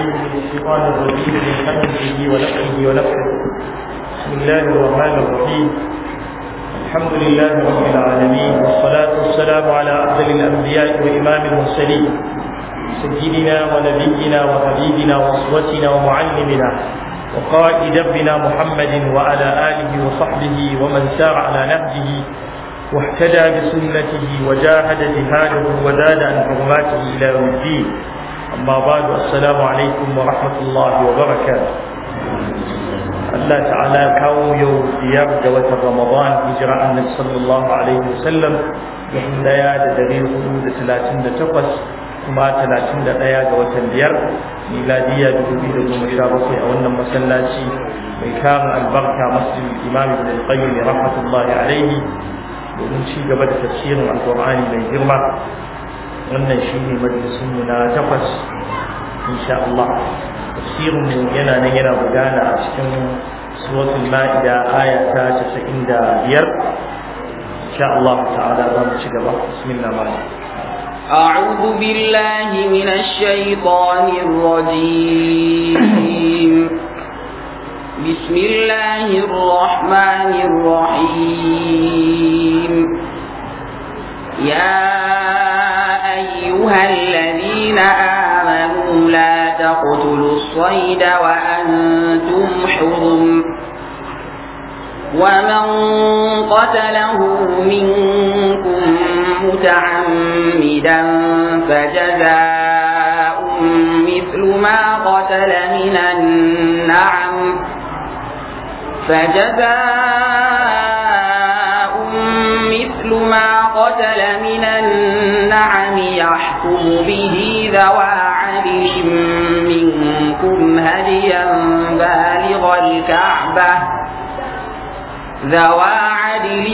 أعوذ من الشيطان الرجيم من حمده ونفسه ونفسه بسم الله الرحمن الرحيم الحمد لله رب العالمين والصلاة والسلام على أفضل الأنبياء وإمام المرسلين سيدنا ونبينا وحبيبنا وأسوتنا ومعلمنا وقائد ابنا محمد وعلى آله وصحبه ومن سار على نهجه واهتدى بسنته وجاهد جهاده وزاد عن حرماته إلى يوم الدين أما بعد السلام عليكم ورحمة الله وبركاته Allah ta'ala kawo yau biyar da watan Ramadan hijira annabi sallallahu alaihi wasallam daya da dare hudu da talatin da takwas kuma talatin da ɗaya ga watan biyar miladiya dubu biyu da goma sha bakwai a wannan masallaci mai karin albarka masjid imam ibn al-qayyim rahmatullahi alaihi domin ci gaba da tafsirin alqur'ani mai girma wannan shi ne mu na takwas insha Allah tafsirin mu yana nan yana gudana a cikin suratul ma'ida aya ta 95 insha Allah ta'ala za mu ci gaba bismillah ma أعوذ بالله من الشيطان الرجيم بسم الله الرحمن الرحيم يا أيها الذين آمنوا لا تقتلوا الصيد وأنتم حرم ومن قتله منكم متعمدا فجزاء مثل ما قتل من النعم فجزاء مثل ما قتل من النعم يحكم به ذوى عدل منكم هديا بالغ الكعبة ذوى عدل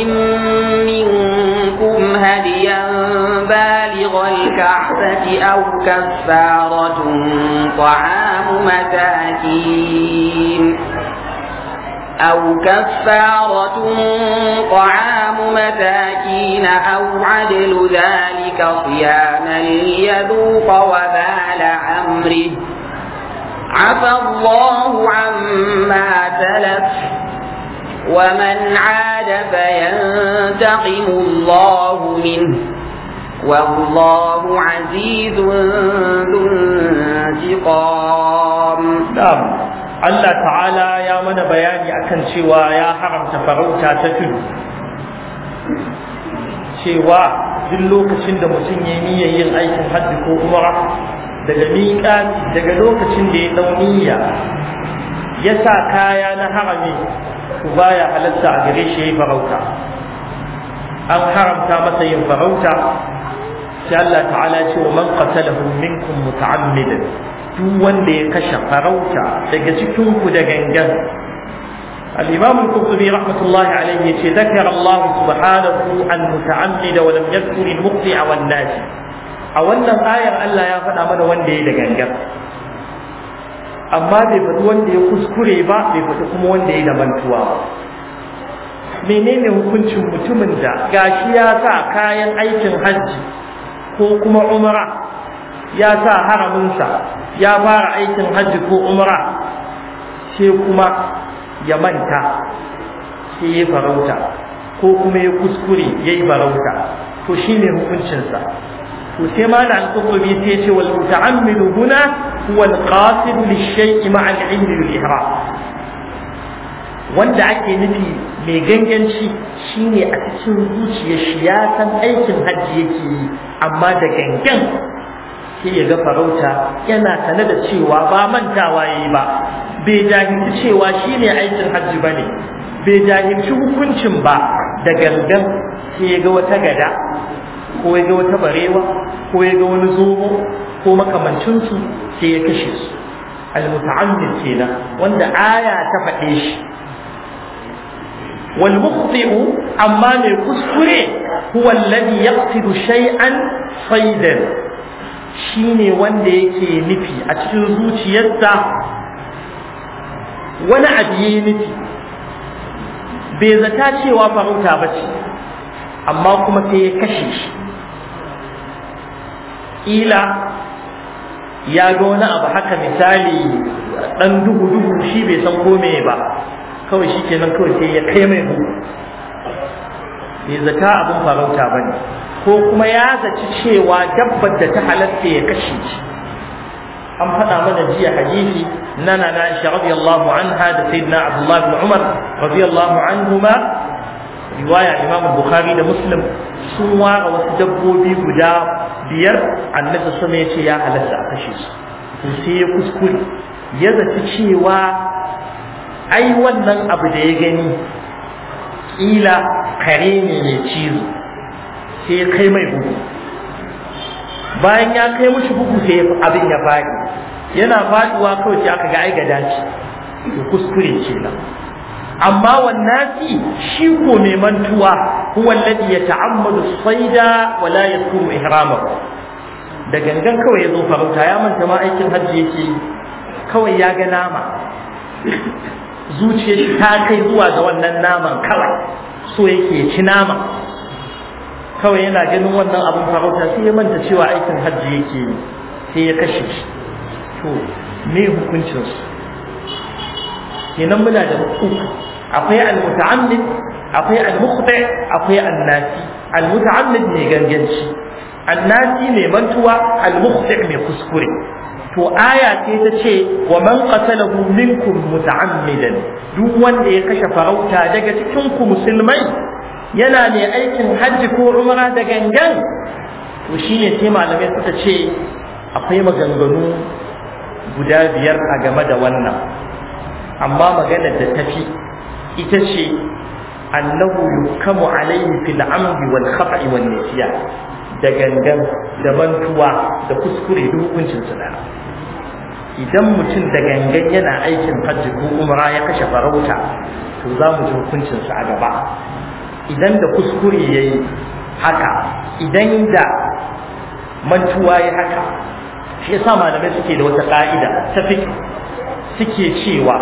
منكم هديا بالغ الكعبة أو كفارة طعام مساكين أو كفارة طعام مساكين أو عدل ذلك صياما ليذوق وبال أمره عفى الله عما تلف ومن عاد فينتقم الله منه والله عزيز ذو انتقام نعم Allah ta'ala ya mana bayani akan cewa ya haramta farauta ta tudu cewa duk lokacin da mutum ya niyyar yin aikin haddi ko umara daga daga lokacin da ya dau niyya ya sa kaya na harami ku baya halatta a gare shi yi farauta an haramta masa yin farauta sai Allah ta'ala ce wa man qatalahu minkum muta'ammidan duk wanda ya kashe farauta daga cikin ku da gangan الإمام القرطبي رحمة الله عليه ذكر الله سبحانه المتعمد ولم يذكر المقطع والناجي a wannan ayar Allah ya faɗa mana wanda ya da gangan amma bai faɗi wanda ya kuskure ba bai faɗi kuma wanda ya da mantuwa menene hukuncin mutumin da gashi ya sa kayan aikin hajji ko kuma umra ya sa haramunsa ya fara aikin hajji ko umra sai kuma ya manta sai ya farauta ko kuma ya kuskure ya yi farauta to shi ne hukuncinsa to sai ma da alƙuɓɓi sai ce wal muta'ammilu huna huwa al-qasid li shay'i ma al-ilmi bil ihram wanda ake nufi mai ganganci shine a cikin zuciyar shi ya san aikin hajji yake yi amma da gangan sai ya ga farauta yana sane da cewa ba mantawa yayi ba bai jahilci cewa shine aikin hajji bane bai jahilci hukuncin ba da gangan sai ya ga wata gada ko ya ga wata barewa ko ya ga wani zomo ko makamancinsu su sai ya kashe su al-muta'ammid kenan wanda aya ta faɗe shi Wani mukhti'u amma mai kuskure huwa alladhi yaqtidu an saydan Shi ne wanda yake nufi a cikin zuciyarsa wani abu yi nufi bai zata cewa farauta ba ce amma kuma sai ya kashe shi ƙila ya ga wani abu haka misali ɗan duhu-duhu shi bai san kome ba kawai shi ke nan kawai sai ya kai mai bai zata abin farauta ba ne ko kuma ya zaci cewa dabbar da ta halatta ya kashe shi an faɗa mana jiya hadisi na na na shi radiyallahu anha da sayyidina abdullah bin umar radiyallahu anhuma riwaya imam bukhari da muslim sun ware wasu dabbobi guda biyar annabi sama ya ce ya halatta a kashe su to sai ya kuskure ya zaci cewa ai wannan abu da ya gani kila kare ne mai cizo sai kai mai bugu bayan ya kai mushi bugu sai abin ya faɗi yana faɗuwa kawai sai aka ga ai gada ce to kuskure ce kenan amma wannasi shi ko mai mantuwa huwa alladhi yata'ammadu sayda wa la yakunu ihrama da gangan kawai ya zo farauta ya manta ma aikin hajji yake kawai ya ga nama zuciyar shi ta kai zuwa ga wannan naman kawai so yake ci nama kawai yana ganin wannan abin farauta sai ya manta cewa aikin hajji yake yi sai ya kashe shi to me hukuncin su kenan muna da uku akwai almuta'ammid akwai almukhti akwai annasi almuta'ammid ne ganganci annasi ne mantuwa almukhti ne kuskure to aya ce ta ce wa man qatalahu minkum muta'ammidan duk wanda ya kashe farauta daga cikin ku musulmai yana mai aikin hajji ko umara da gangan to shine sai malamai suka ce akwai maganganu guda biyar a game da wannan amma maganar da tafi ita ce annahu yukamu alaihi fil amdi wal khata'i wan da gangan da mantuwa da kuskure da hukuncin su idan mutum da gangan yana aikin hajji ko umra ya kashe farauta to za mu ji hukuncin sa a gaba idan da kuskure yayi haka idan da mantuwa ya haka shi yasa malamai suke da wata ka'ida ta fi suke cewa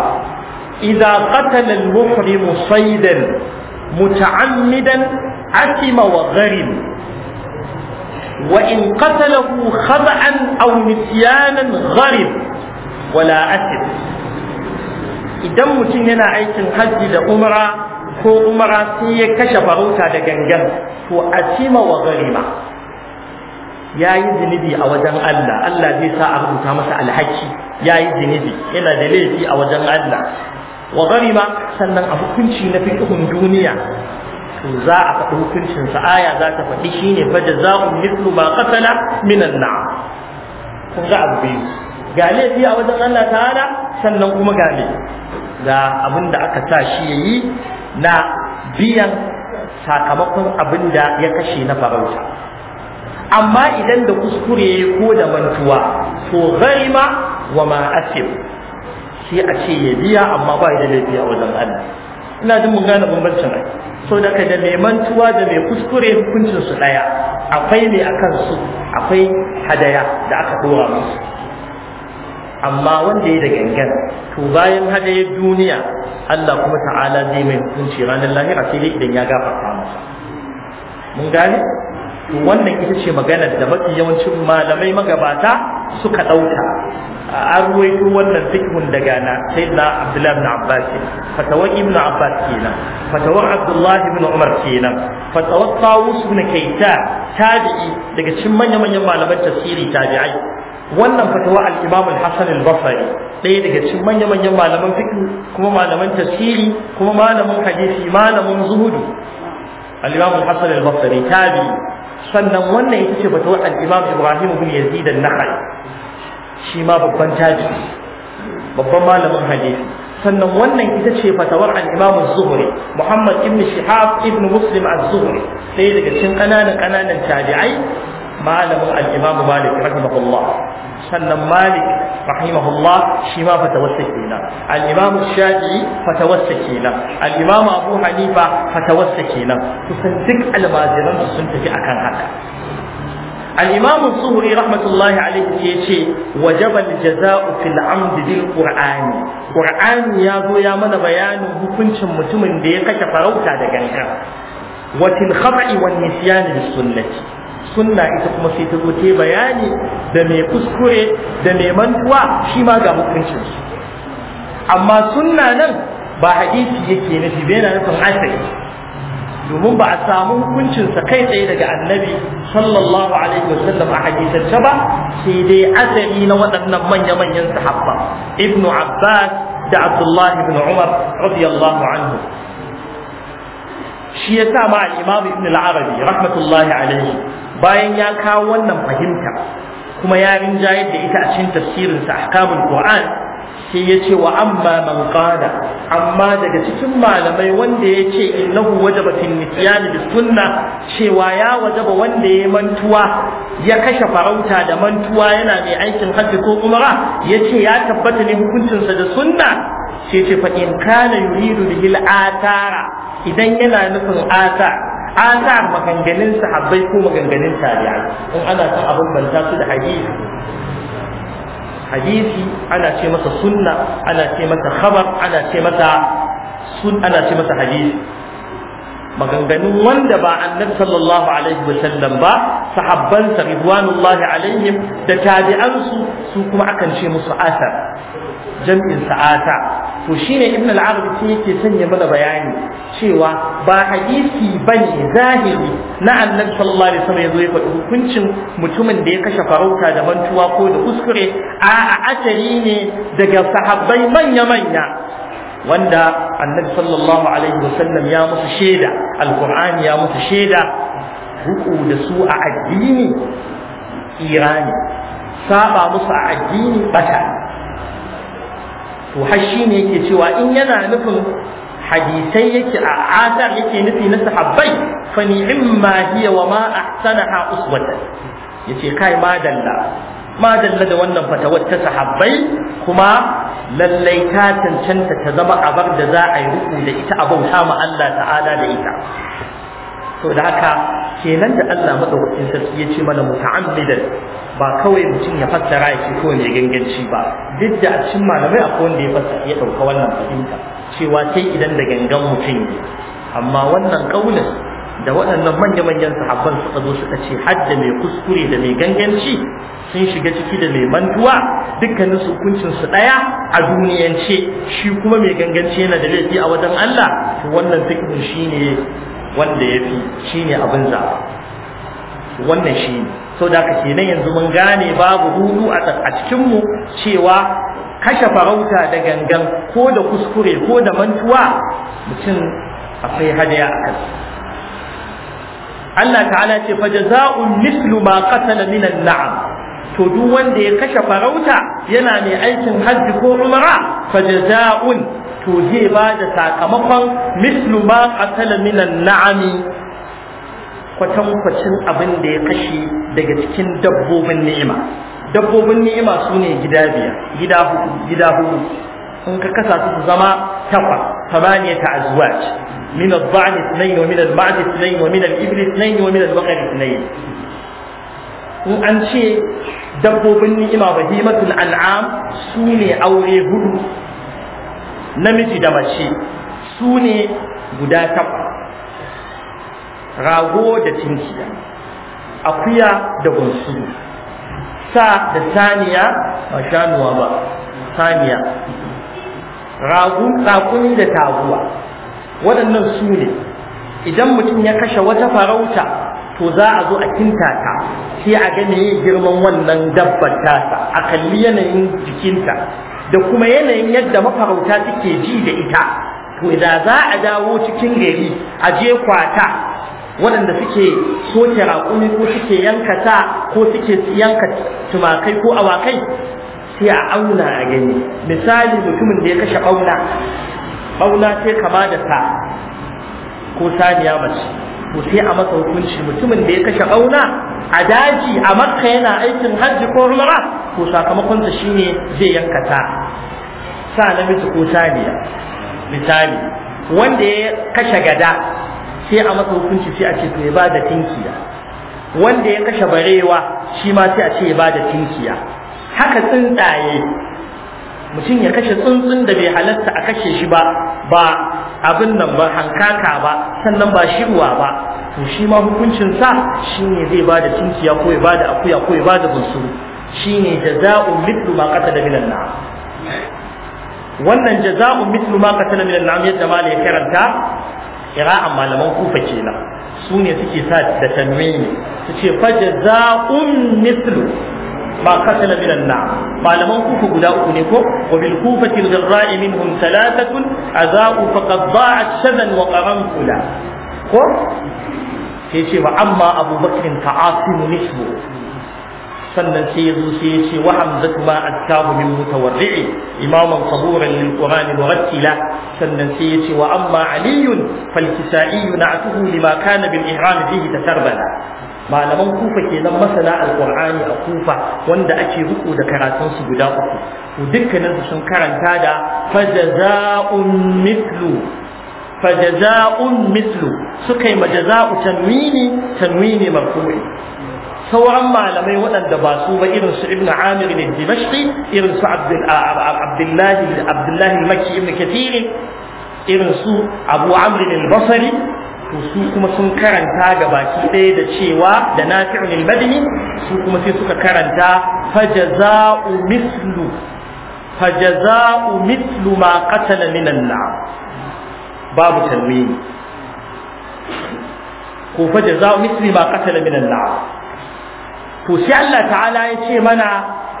idza qatala al-muhrimu muta'ammidan atima wa garin, wa in qatalahu khata'an aw nisyanan gharib wala atim idan mutum yana aikin hajji da umra ko umara sai ya kashe farauta da gangan to asima wa garima ya yi zunubi a wajen Allah Allah zai sa a rubuta masa alhaki ya yi zunubi yana da laifi a wajen Allah wa garima sannan a hukunci na fiqhun duniya to za a faɗi hukuncin sa aya za ta faɗi shine fa jazaa'u mithlu ma qatala min an-na'am kun ga abu ga laifi a wajen Allah ta'ala sannan kuma ga ga abin da aka sa shi yayi na biyan sakamakon abin da ya kashe na farauta amma idan da kuskure ko da mantuwa to ma wa ma sai a ce ya biya amma ba da laifi a wajen Allah ina jin mun gane bambancin rai. so daga da mai mantuwa da mai kuskure hukuncin su daya akwai ne akan su akwai hadaya da aka dora musu amma wanda ya da gangan to bayan hadayar duniya Allah kuma ta'ala zai mai hukunci ranar lahira sai dai idan ya gafarta masa mun gane to wannan ita ce maganar da mafi yawancin malamai magabata suka ɗauka an ruwaito wannan fikhun daga na sai na abdullahi ibn abbas fatawar ibn abbas kenan fatawar abdullahi ibn umar kenan fatawar tawus ibn kaita tabi'i daga cikin manya-manyan malaman tafsiri tabi'ai wannan fatawa al-imam al-hasan al-basri ɗaya daga cikin manya-manyan malaman fiqh kuma malaman tafsiri kuma malamin hadisi malamin zuhudu al-imam al-hasan al-basri tabi sannan wannan ita ce fatawar al-imam ibrahim ibn yazid an-nakhai shi ma babban tabi babban malamin hadisi sannan wannan ita ce fatawar al-imam az-zuhri muhammad ibn shihab ibn muslim az-zuhri ɗaya daga cikin ƙananan ƙananan tabi'ai malamin al-Imam Malik rahimahullah sannan Malik rahimahullah shi ma fatawarsa kenan al-Imam Shafi'i fatawarsa kenan al-Imam Abu Hanifa fatawarsa kenan kusan duk almajiran sun tafi akan haka الإمام الظهري رحمة الله عليه يشي وجب الجزاء في العمد بالقرآن قرآن يا ذو يا من بيان هكون شمتم ديقة فروتا دقنها وفي الخطأ والنسيان بالسنة sunna ita kuma sai ta zo bayani da mai kuskure da mai mantuwa shi ma ga hukuncin su amma sunna nan ba hadisi yake shi bai na nufin asali domin ba a samu hukuncinsa kai tsaye daga annabi sallallahu alaihi wasallam a hadisance ba sai dai asali na waɗannan manya-manyan sahabba ibnu abbas da abdullahi ibn umar radiyallahu anhu shi yasa ma al-imam ibn al-arabi rahmatullahi alaihi bayan ya kawo wannan fahimta kuma ya rinjayar da ita a cikin tafsirin sa ahkamul qur'an sai ya ce wa amma man qala amma daga cikin malamai wanda ya ce innahu wajaba fil nisyan bis sunna cewa ya wajaba wanda ya mantuwa ya kashe farauta da mantuwa yana mai aikin hajji ko umra ya ce ya tabbata ne hukuncinsa da sunna sai ce fa in kana yuridu bihi atara idan yana nufin ata azar maganganun sahabbai ko maganganun tabi'ai in ana son abin banta su da hadisi hadisi ana ce masa sunna ana ce masa khabar ana ce masa sun ana ce masa hadisi maganganun wanda ba annabi sallallahu alaihi wa sallam ba sahabbansa ridwanullahi alaihim da tabi'ansu su kuma akan ce musu asar jam'in sa'ata to shine ibn al-arabi sai yake sanya mana bayani cewa ba hadisi bane zahiri na annabi sallallahu alaihi wasallam yazo ya faɗi hukuncin mutumin da ya kashe farauta da mantuwa ko da kuskure a asari ne daga sahabbai manya manya wanda annabi sallallahu alaihi wasallam ya musu shaida alqur'ani ya musu shaida ruku da su a addini irani saba musu a addini bata to har shi ne yake cewa in yana nufin hadisai yake a asar yake nufi na sahabbai fa ni'imma hiya wa ma ahsanaha uswatan yace kai madalla madalla da wannan fatawar ta sahabbai kuma lallai ta cancanta ta zama abar da za a yi ruku da ita bauta ma Allah ta'ala da ita to da haka kenan da Allah madaukakin sarki ya ce mana muta'ammidan ba kawai mutum ya fassara ya ko ne mai ganganci ba duk da a cikin malamai akwai wanda ya fassara ya dauka wannan fahimta cewa sai idan da gangan mutum ne amma wannan kaulin da waɗannan manya-manyan sahabban suka zo suka ce hadda mai kuskure da mai ganganci sun shiga ciki da mai mantuwa dukkanin su hukuncin su ɗaya a duniyance shi kuma mai ganganci yana da laifi a wajen Allah to wannan fikirin shine wanda ya fi shi ne abin zaɓa wannan shi ne sau da kenan yanzu mun gane babu hudu a cikinmu cewa kashe farauta da gangan ko da kuskure ko da mantuwa mutum akwai hadaya a kansa Allah ta'ala ce fa jaza'un mislu ma qatala min an-na'am to duk wanda ya kashe farauta yana mai aikin hajji ko umra fa jaza'un to zai ba da sakamakon mislu ma qatala minan na'ami kwatankwacin abin da ya kashe daga cikin dabbobin ni'ima dabbobin ni'ima su ne gida biyar gida hudu gida hudu in ka kasa su zama takwa ta azwaj min adh-dha'n ithnayn wa min al-ma'd ithnayn wa min al-ibl ithnayn wa min al-baqar ithnayn in an ce dabbobin ni'ima bahimatul an'am su ne aure hudu namiji da mace su ne guda takwas rago da tinkiya akuya da gunsu sa da saniya ba shanuwa ba saniya ragun tsakuni da taguwa waɗannan su ne idan mutum ya kashe wata farauta to za a zo a kinta ta sai a gane girman wannan dabbar tasa a kalli yanayin jikinta da kuma yanayin yadda mafarauta suke ji da ita to da za a dawo cikin gari a je kwata waɗanda suke soke raƙumi ko suke yanka ko suke yanka tumakai ko awakai sai a auna a gani misali mutumin da ya kashe ɓauna ɓauna sai kama da sa ko saniya mace ko sai a masa hukunci mutumin da ya kashe ɓauna a daji a makka yana aikin hajji ko umra to sakamakonsa shine zai yanka ta sa namiji ko saniya misali wanda ya kashe gada sai a masa hukunci sai a ce to ya ba da tinkiya wanda ya kashe barewa shi ma sai a ce ya ba da tinkiya haka tsuntsaye mutum ya kashe tsuntsun da bai halatta a kashe shi ba ba abin nan ba hankaka ba sannan ba shiruwa ba to shi ma hukuncinsa ne zai bada da tinkiya ko ya bada akuya ko ya bada da bunsuru shine jaza'un mithlu ma qatala min an'am wannan jaza'un mithlu ma qatala min an'am yadda ma ya karanta qira'an malaman kufa kenan su ne suke sa da tanwini su ce fa jaza'un mithlu ma qatala min an'am malaman kufa guda uku ne ko wa bil kufati al-ghirra'i minhum thalathatun aza'u faqad da'at shadan wa kula. ko sai ce wa amma abubakar ka ta'asimu nisbu sannan sai yazo sai ya ce wa hamzatu ma adkahu min mutawarri'i imaman saburan lil qur'ani murattila sannan sai ya ce wa amma aliyun fal kisa'i na'tuhu lima kana bil ihram fihi malaman kufa kenan masana alqur'ani a kufa wanda ake riko da karatun su guda uku to dukkanin su sun karanta da fajaza'un mithlu fajaza'un mithlu suka yi majaza'u tanwini tanwini marfu'i sauran malamai waɗanda ba su ba irin su Ibn amir ne dimashqi irin su abdullahi abdullahi makki ibnu kathir irin su abu amr al-basri to su kuma sun karanta gabaki baki ɗaya da cewa da nafi'un al-badni su kuma sai suka karanta fajaza'u mislu fajaza'u mislu ma qatala min an-na'am babu tanwini ko fajaza'u mislu ma qatala min an-na'am to shi Allah ta'ala ya ce mana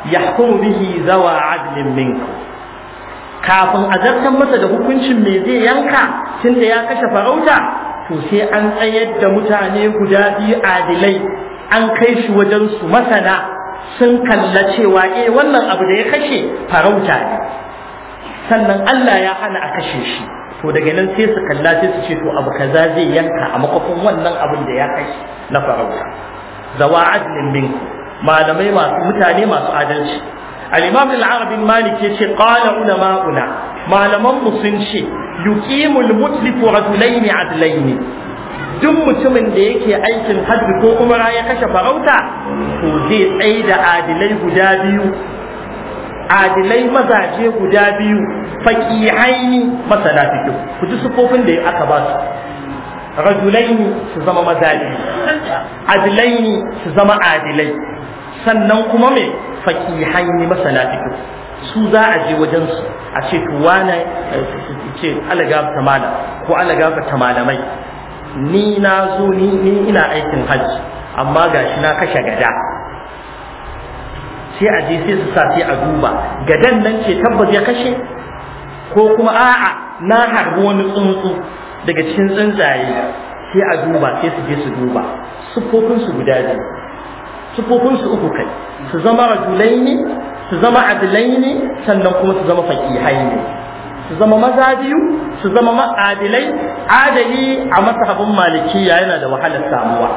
ya hukumu bihi zawa adlin min kafin a zartar masa da hukuncin me zai yanka tunda ya kashe farauta to sai an tsayar da mutane guda biyu adilai an kai shi wajen su masana sun kalla cewa eh wannan abu da ya kashe farauta ne sannan Allah ya hana a kashe shi to daga nan sai su kalla sai su ce to abu kaza zai yanka a makofin wannan abin da ya kashe na farauta zawa adlin malamai masu mutane masu adalci al-imam al-arabi malik yace qala ulama'una malaman mu sun ce yuqimul mutlifu rajulaini ne. duk mutumin da yake aikin hajji ko kuma ya kashe farauta to zai tsaye da adilai guda biyu adilai mazaje guda biyu faqihaini masana fito. ku ji sufofin da aka ba su rajulaini su zama mazaji adilaini su zama adilai sannan kuma me hanyi masana fito su za a je wajensu a ce to eh, ce alaga ta malam ko alaga ta malamai ni na zo ni ina aikin hajji amma gashi na kashe gada sai a je sai su sa sai a duba gadan nan ce tabbas ya kashe ko kuma a'a na harbi wani tsuntsu daga cikin tsuntsaye sai a duba sai su je su duba sufofin guda biyu sufofin uku kai su zama rajulai ne su zama adilai ne sannan kuma su zama fakihai ne su zama maza biyu su zama adilai adali a masahabin malikiya yana da wahalar samuwa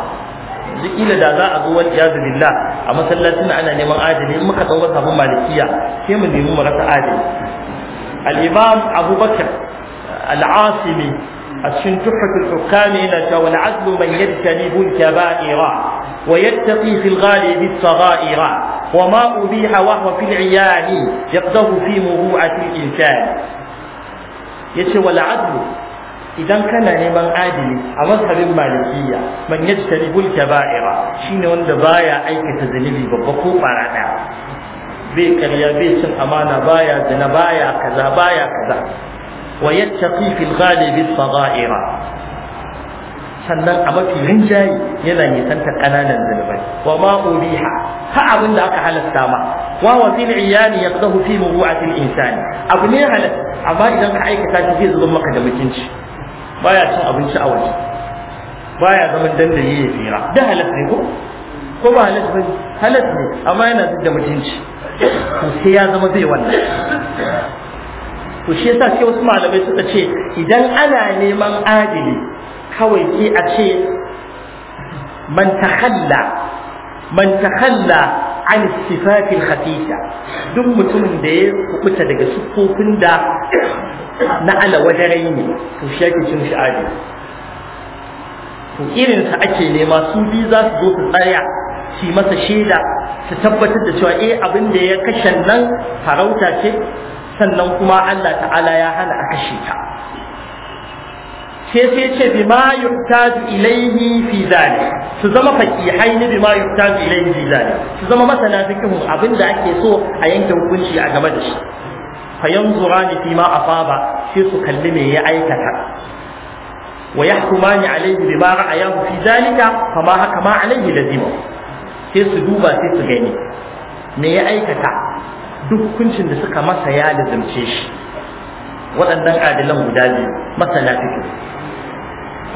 kila da za a zo wal iyazu billah a masallacin ana neman adali in muka dauka sabon malikiya sai mu nemi mu rasa adali al-imam abubakar al-asimi الشن تحفة الحكام إلى والعدل من يجتنب الكبائر ويتقي في الغالب الصغائر وما أبيح وهو في العيان يقضه في مروءة الإنسان يتي والعدل idan kana neman adili a mazhabin malikiya man yajtanibul kaba'ira shine wanda baya aikata zunubi babba ko barada bai karya bai cin amana baya zina kaza kaza ويتقي في الغالب الصغائر sannan a mafi rinjaye yana nisanta ƙananan zunubai wa ma ubiha ha abin da aka halasta ma wa wa fil iyani yaqdahu fi muru'atil insani abu ne halal amma idan ka aikata shi zai zubar maka da mutunci baya cin abinci a waje baya zaman dandali ya fira da halal ne ko ko ba halal ba halal ne amma yana zubar da mutunci to sai ya zama zai wannan to shi yasa sai wasu malamai suka ce idan ana neman adili kawai sai a ce man takhalla man takhalla an sifatil duk mutumin da ya kubuta daga sufofin da na ala wajarai ne to shi yake cin shi adili to irinsa ake nema su bi za su zo su tsaya su masa shaida su tabbatar da cewa eh abin da ya kashe nan farauta ce sannan kuma Allah ta'ala ya hana a kashe ta sai sai ce bi ma yuhtaju ilaihi fi zali. su zama faqihai ne bi ma yuhtaju ilaihi fi zali. su zama masana fiqhun abinda ake so a yanke hukunci a game da shi fa yanzurani fi ma afaba sai su kalli me ya aikata wa yahkumani alaihi bi ma ra'ayahu fi zalika fa ma haka ma alaihi lazima sai su duba sai su gani me ya aikata duk hukuncin da suka masa ya lazimce shi waɗannan adilan guda biyu masa fiƙi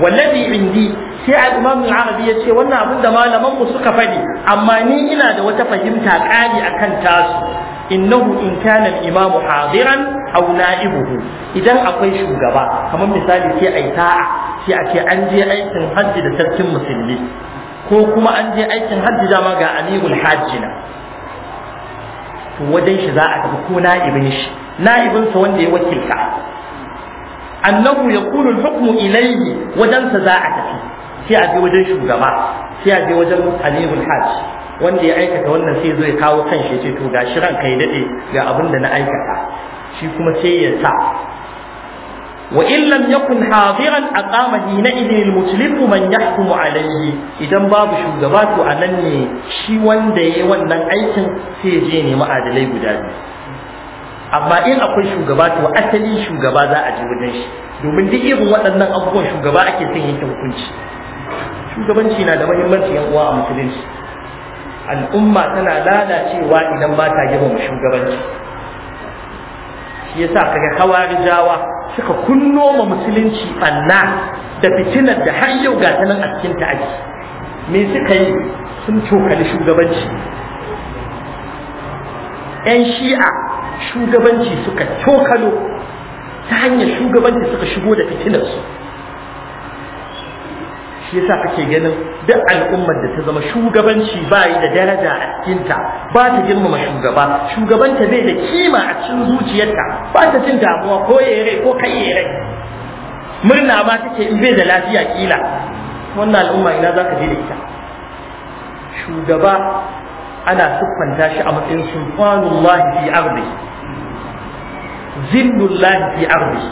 wallazi indi sai al-imam al-arabi yace wannan abin da malaman mu suka faɗi amma ni ina da wata fahimta a akan tasu innahu in kana al-imamu hadiran aw na'ibuhu idan akwai shugaba kamar misali sai ai ta'a sai a ce an je aikin hajji da sarkin musulmi ko kuma an je aikin hajji dama ga amirul na. to wajen shi za a tafi ko na'ibin shi na'ibinsa wanda ya wakilta annahu ya al-hukmu ilayhi wajen sa za a tafi sai a je wajen shugaba sai a je wajen amirul hajj wanda ya aikata wannan sai zai kawo kan shi ce to gashi ranka ya dade ga abin da na aikata shi kuma sai ya sa وإن لم يكن حاضرا أقام حينئذ المتلف من يحكم عليه إذا باب شوغبات أنني شي وان داي وان أيكن سيجيني ما أدلي قدامي amma in akwai shugaba to asalin shugaba za a ji wajen shi domin duk irin waɗannan abubuwan shugaba ake son yanke hukunci shugabanci na da mahimmanci yan uwa a musulunci al'umma tana lalacewa idan ba ta girmama shugabanci shi yasa kaga hawa rijawa. suka kunno ma musulunci banna da fitinar da har yau ga tanan a cikin ta ake me suka yi sun cokali shugabanci yan shi'a shugabanci suka cokalo ta hanyar shugabanci suka shigo da su. shi yasa kake ganin duk al'ummar da ta zama shugabanci ba yi da daraja a cikinta ba ta girmama shugaba shugabanta bai da kima a cikin zuciyarta ba ta jin damuwa ko rai ko kai rai, murna ma take in bai da lafiya kila wannan al'umma ina za ka je da ita shugaba ana siffanta shi a matsayin sulfanullahi fi ardi zillullahi fi ardi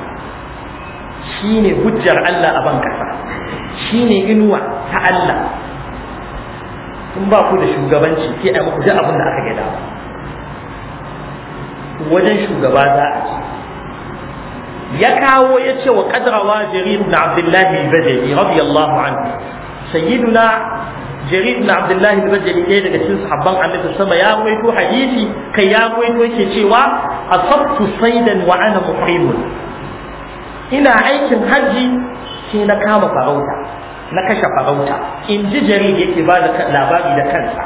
shine hujjar Allah a ban kasa Shi ne inuwa ta Allah in ba ku da shugabanci sai a muku duk abin da aka gada wajen shugaba za a ci ya kawo ya ce wa kadrawa jarir ibn abdullahi al-bajali radiyallahu anhu sayyiduna jarir ibn abdullahi al-bajali ɗaya daga cikin sahabban annabi sama ya rawaito hadisi kai ya rawaito yake cewa asabtu saidan wa ana muhrimun ina aikin hajji sai na kama farauta na kashe farauta in ji jarir yake ba da labari da kansa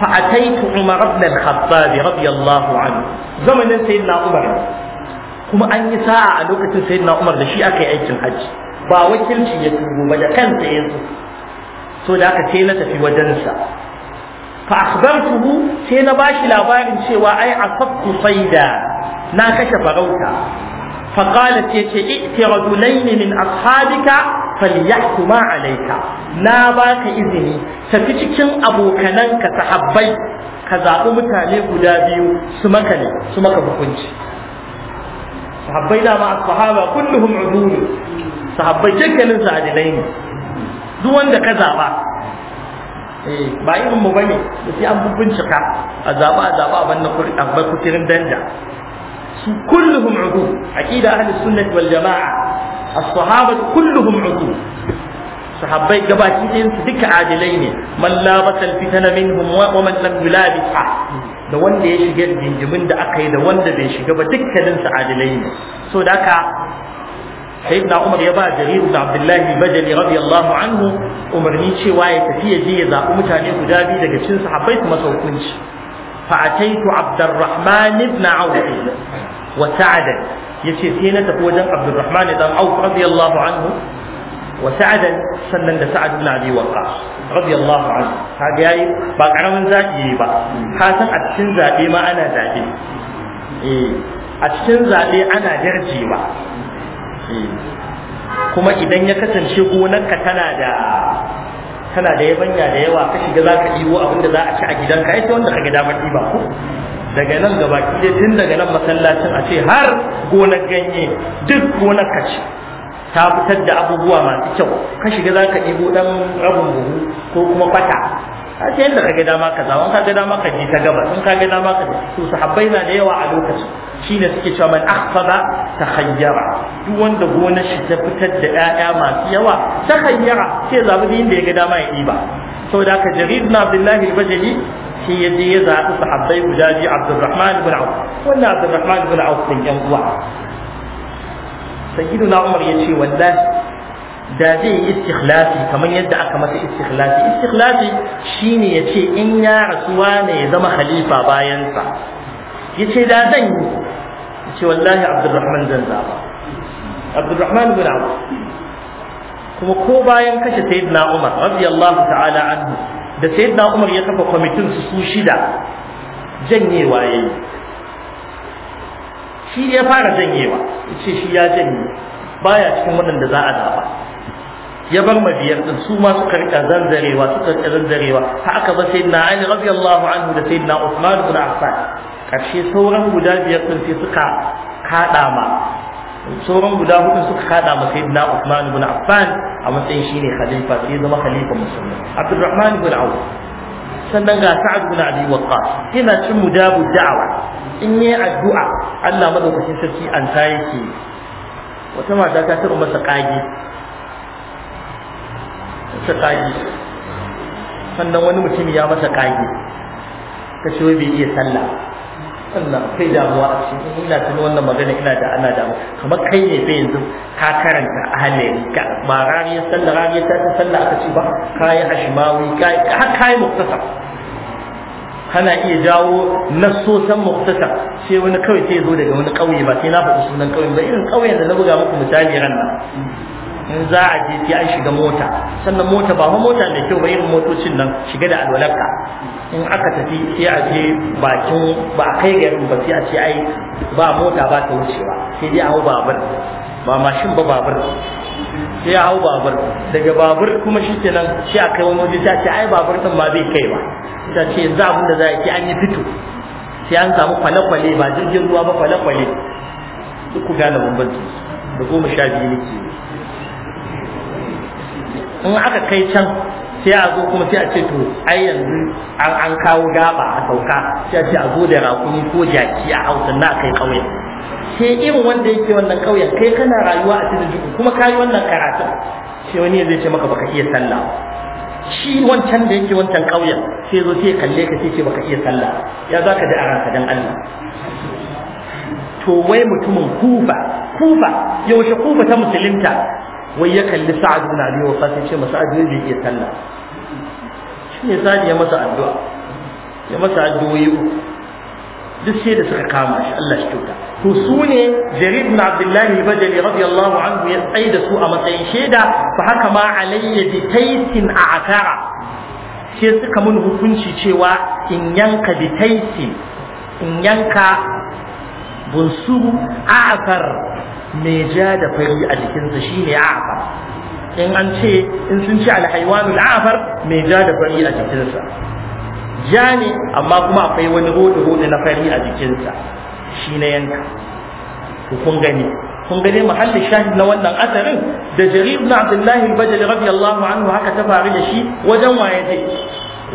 fa ataitu umar ibn al-khattab radiyallahu anhu zamanin sayyidina umar kuma an yi sa'a a lokacin sayyidina umar da shi aka yi aikin hajji ba wakilci ya tubo ba da kansa ya zo so da aka sai na tafi wajensa fa akhbartuhu sai na bashi labarin cewa ai asabtu saida na kashe farauta فقالت يتي ائت رجلين من أصحابك فليحكما عليك لا باك إذني تفتكين أبو كننك تحبي كذا أمتاني قدابيو سمكني سمك بكنش صحبينا مع الصحابة كلهم عدول صحبي جكل سعدلين دون كذا ba irin mu bane da sai an bincika a zaba a zaba a banna kurin danja كلهم عدو عقيدة أهل السنة والجماعة الصحابة كلهم عدو صحابي قباتين دك عادلين من لابس الفتن منهم ومن لم يلابسها da wanda ya shiga jinjimin da aka yi da wanda bai shiga ba dukkanin su adilai ne so da haka sayyidina umar ya ba jarir ibn abdullahi bajali radiyallahu anhu umarni cewa ya tafiya ya je ya zaɓi mutane guda biyu daga cikin sahabbai kuma masa hukunci فأتيت عبد الرحمن بن عوف وسعدا يشي سينة فوجا عبد الرحمن بن عوف رضي الله عنه وسعدا سنن سعد بن أبي وقاص رضي الله عنه هذا يعني بقى عرون زاكي بقى حسن أتشن زاكي ما أنا زاكي إيه أتشن زاكي أنا جرجي بقى إيه. kuma idan ya kasance gonarka tana da kana da yabanya da yawa ka shiga zaka ɗibo abin da za a ci a gidanka ai sai wanda ka ga damar ɗiba ko daga nan gaba kide tun daga nan masallacin a ce har gonar ganye duk gonar ka ci ta fitar da abubuwa masu kyau ka shiga zaka ɗibo ɗan rabin buhu ko kuma kwata a ce yadda ka ga dama ka zawon ka ga dama ka ji ta gaba in ka ga dama ka ji su sahabbai na da yawa a lokacin shine suke cewa man akhfaza takhayyara duk wanda gonar shi ta fitar da 'ya'ya masu yawa takhayyara sai zabi inda ya ga dama ya diba saboda haka jarir na abdullahi al-bajali shi ya je ya zaɓi sahabbai guda biyu abdurrahman ibn auf wannan abdurrahman ibn auf din yan uwa sayyidu na umar ya ce wallahi da zai yi istikhlasi kamar yadda aka masa istikhlasi istikhlasi shine ya ce in ya rasuwa ne ya zama khalifa bayansa ya ce da zan yi ce wallahi abdurrahman zan zaba abdurrahman bin abu kuma ko bayan kashe sayyidina umar radiyallahu ta'ala anhu da sayyidina umar ya kafa kwamitin su su shida janyewa yayi shi ya fara janyewa ce shi ya janye baya cikin waɗanda za a zaɓa. ya bar mabiyar din su ma suka rika zanzarewa suka rika zanzarewa haka ba sayyidina ali radiyallahu anhu da sayyidina usman ibn affan ƙarshe sauran guda biyar sun sai suka kaɗa ma sauran guda hudu suka kaɗa ma na Uthman ibn Affan a matsayin shine khalifa sai zama khalifa musulmi Abdurrahman ibn Awf sannan ga Sa'ad ibn Abi Waqqas yana cin mudabu da'awa in yi addu'a Allah madaukakin sarki an ta yake wata mata ta tsaro masa ƙage ta kage sannan wani mutum ya masa ƙage ta ce bai iya sallah Allah kai damuwa a cikin ina tuno wannan magana ina da ana damu kamar kai ne sai yanzu ka karanta ahalin ka ba rariyar sallah rariyar ta sallah aka ce ba kai ashmawi kai har kai muktasar kana iya jawo san muktasar sai wani kawai sai zo daga wani kauye ba sai na faɗi sunan kauye ba irin kauyen da na buga muku misali ran nan in za a je sai an shiga mota sannan mota ba mota da kyau ba irin motocin nan shiga da alwalarka in aka tafi sai a je bakin ba kai kai garin ba sai a ce ai ba mota ba ta wucewa sai dai a hau babur ba mashin ba babur sai ya hau babur daga babur kuma shi nan sai a kai wani waje sai ce ai babur din ba zai kai ba sai ce yanzu abin da za a an yi fito sai an samu kwale-kwale ba jirgin ruwa ba kwale-kwale duk ku gane bambanci da goma sha biyu ke in aka kai can sai a zo kuma sai a ce to ai yanzu an an kawo gaba a sauka sai a ce a zo da raƙumi ko jaki a hausa na kai ƙauye sai irin wanda yake wannan ƙauyen kai kana rayuwa a cikin jiki kuma kayi wannan karatun sai wani zai ce maka baka iya sallah shi wancan da yake wancan ƙauyen sai zo sai kalle ka sai ce baka iya sallah ya za ka ji a ranka dan Allah to wai mutumin kufa kufa yaushe kufa ta musulunta wai ya kalli sa'ad bin abi waqas ya ce masa addu'a bai iya sallah shine sa'ad ya masa addu'a ya masa addu'o'i duk sai da suka kama shi Allah shi kyauta to su ne Jarir bin Abdullah Bajali radiyallahu anhu ya tsaye su a matsayin shaida fa haka ma alayya bi taisin a akara sai suka mun hukunci cewa in yanka bi taisin in yanka bunsuru a akar mai ja da fari a jikinsa shi ne a'afar in an ce in sun ci alhaiwanul a'far mai ja da fari a jikinsa ja ne amma kuma akwai wani rodo-rodo na fari a jikinsa shi na yanka kun gani kun gani mahallin shahid na wannan asarin da jarir na abdullahi bajali radiyallahu anhu haka ta faru da shi wajen waye zai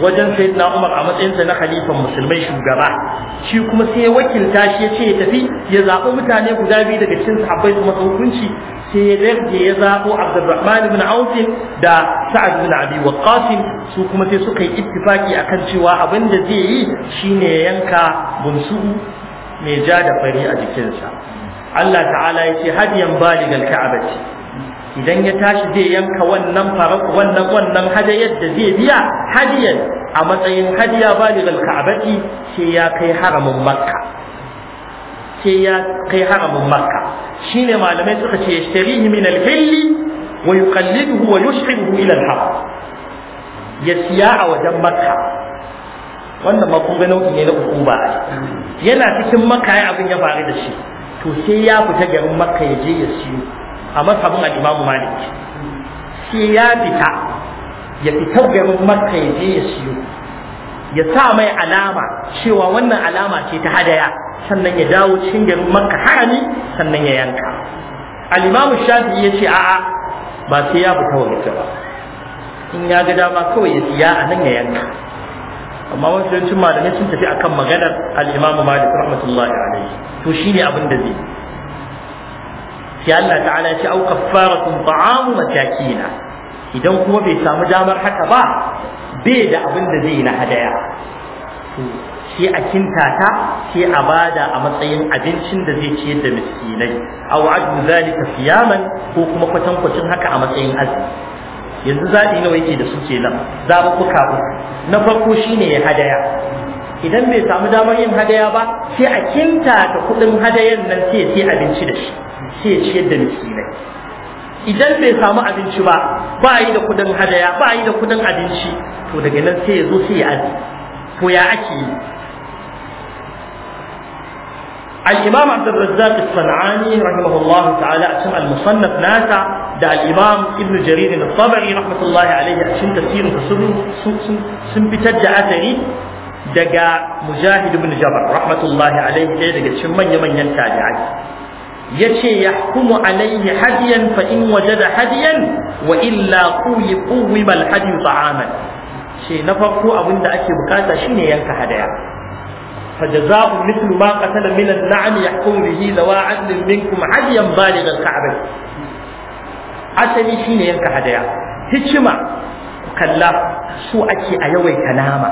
wajen sayyidina Umar a matsayinsa na khalifan musulmai shugaba shi kuma sai ya wakilta shi ya ce ya tafi ya zaɓi mutane guda biyu daga cikin sahabbai kuma hukunci sai ya darje ya zaɓo Abdurrahman ibn Auf da Sa'ad ibn Abi Waqqas su kuma sai suka yi ittifaki akan cewa abin da zai yi shine ya yanka bunsuhu mai ja da fari a jikinsa Allah ta'ala ya ce hadiyan baligal ka'abati idan ya tashi zai yanka wannan farak wannan wannan hadayar da zai biya hadiyar a matsayin hadiya baligal ka'abati sai ya kai haramin makka sai ya kai haramin makka Shi ne malamai suka ce ya yashtarihi min al-hilli wa yuqalliduhu wa shirin hu, al-haram ya siya a wajen makka wannan ma kun ga nau'i ne na hukuma yana cikin makka ya abin ya faru da shi to sai ya fita garin makka ya je ya siyo a masabin al'imamu imamu malik sai ya fita ya fita garin makka ya je ya siyo ya sa mai alama cewa wannan alama ce ta hadaya sannan ya dawo cikin garin makka harami sannan ya yanka Al'imamu Shafi ya ce a'a ba sai ya fita wa mutum ba in ya ga dama kawai ya siya a nan ya yanka amma wasu yancin malamai sun tafi akan maganar al'imamu malik rahmatullahi alaihi to shine abin da zai sai Allah ta'ala ya ce au kaffaratun ta'amu matakina idan kuma bai samu damar haka ba bai da abin da zai na hadaya sai a kintata sai a bada a matsayin abincin da zai ciyar da miskinai aw adu zalika siyaman ko kuma kwatankwacin haka a matsayin azumi yanzu zaɓi nawa yake da su kenan zaɓuɓɓuka uku na farko shine ya hadaya idan bai samu damar yin hadaya ba sai a kintata kuɗin hadayan nan sai sai abinci da shi sai ya ciyar da miskinai idan bai samu abinci ba ba yi da kudin hadaya ba yi da kudin abinci to daga nan sai ya zo sai ya aji to ya ake yi الإمام عبد الرزاق الصنعاني رحمه الله تعالى أسمى المصنف ناسا دا الإمام ابن جرير الطبري رحمة الله عليه أسمى تفسير سن بتجع أثري دقا مجاهد بن جبر رحمة الله عليه إيه دقا من يمن ينتاج عنه ya yahkumu alayhi hadiyan fa in wajada hadiyan wa illa quli quwima alhadiyu ta'aman ce na farko abinda ake bukata shine yanka hadaya فجزاء مثل ما قتل من النعم يحكم به ذوى عدل منكم عديا بالغ الكعبة asali shine yanka hadaya hikima kalla su ake a yawai kanama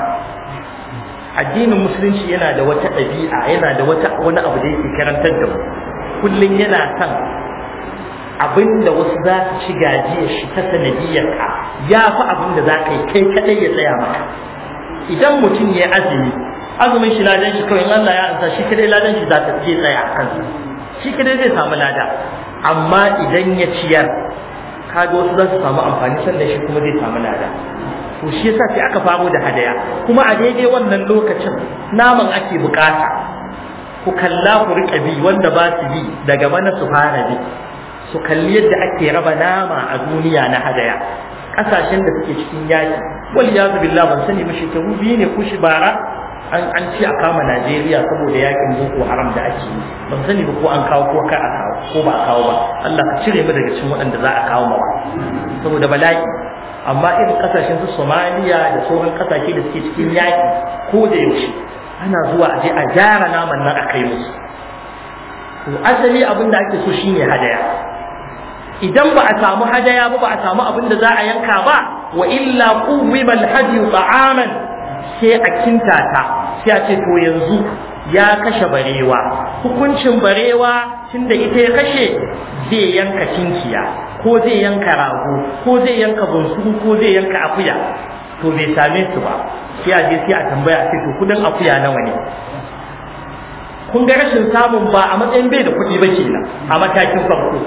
addinin musulunci yana da wata ɗabi'a yana da wata wani abu da yake karantar da mu kullum yana son abinda wasu za su ci gajiyar shi ta sanadiyarka ya fi abinda za ka yi kai kadai ya tsaya maka idan mutum ya azumi azumin shi ladan shi kawai Allah ya ansa shi kadai ladan shi za ta je tsaya kansa shi kadai zai samu lada amma idan ya ciyar kaga wasu za su samu amfani sannan shi kuma zai samu lada to shi yasa sai aka faru da hadaya kuma a daidai wannan lokacin naman ake bukata ku kalla ku riƙa bi wanda ba su bi daga mana su fara bi su kalli yadda ake raba nama a duniya na hadaya ƙasashen da suke cikin yaƙi, wal ya zubi ban sani ba ta biyu ne ko shi bara an an ci a kama Najeriya saboda yakin boko haram da ake yi ban sani ba ko an kawo ko ka a kawo ko ba a kawo ba Allah ka cire mu daga cikin waɗanda za a kawo mawa saboda bala'i amma irin ƙasashen su Somaliya da sauran ƙasashe da suke cikin yaki ko da yaushe ana zuwa a je a gyara naman nan a kai musu to asali abin da ake so shine hadaya idan ba a samu hadaya ba ba a samu abin da za a yanka ba wa illa quwwima alhadi ta'aman sai a kintata sai a ce to yanzu ya kashe barewa hukuncin barewa tunda ita ya kashe zai yanka cinkiya ko zai yanka rago ko zai yanka bunsuru ko zai yanka akuya to bai same su ba sai a je sai a tambaya sai to kudin akuya nawa ne kun ga rashin samun ba a matsayin bai da kuɗi ba kenan a matakin farko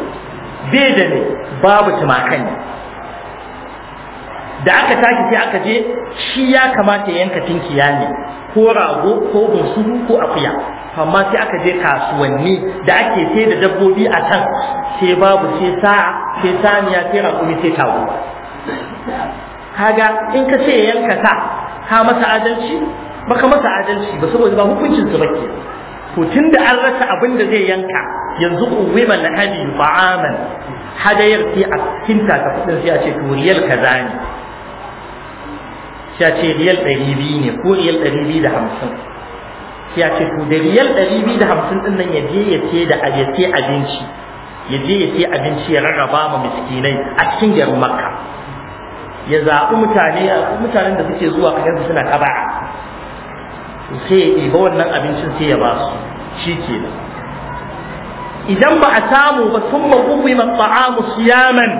bai da ne babu tumakan da aka tashi sai aka je shi ya kamata yanka tinkiya ne ko rago ko bunsuru ko akuya amma sai aka je kasuwanni da ake sai da dabbobi a can sai babu sai sa sai saniya sai raƙumi sai tawo kaga in ka ce yanka ka ka masa adalci baka masa adalci ba saboda ba hukuncin su bake to tunda an rasa abin da zai yanka yanzu uwima lahadi ba'aman hadayar sai a kinta ta kudin sai a ce to riyal kaza ne sai a ce riyal 200 ne ko riyal 250 a ce to da riyal ɗari biyu da hamsin ɗin nan ya je ya ce da ya ce abinci ya je ya ce abinci ya rarraba ma miskinai a cikin garin makka ya zaɓi mutane mutanen da suke zuwa yanzu suna kaba sai ya ɗiba wannan abincin sai ya ba su shi kenan idan ba a samu ba sun magugwi matsa'amu siyaman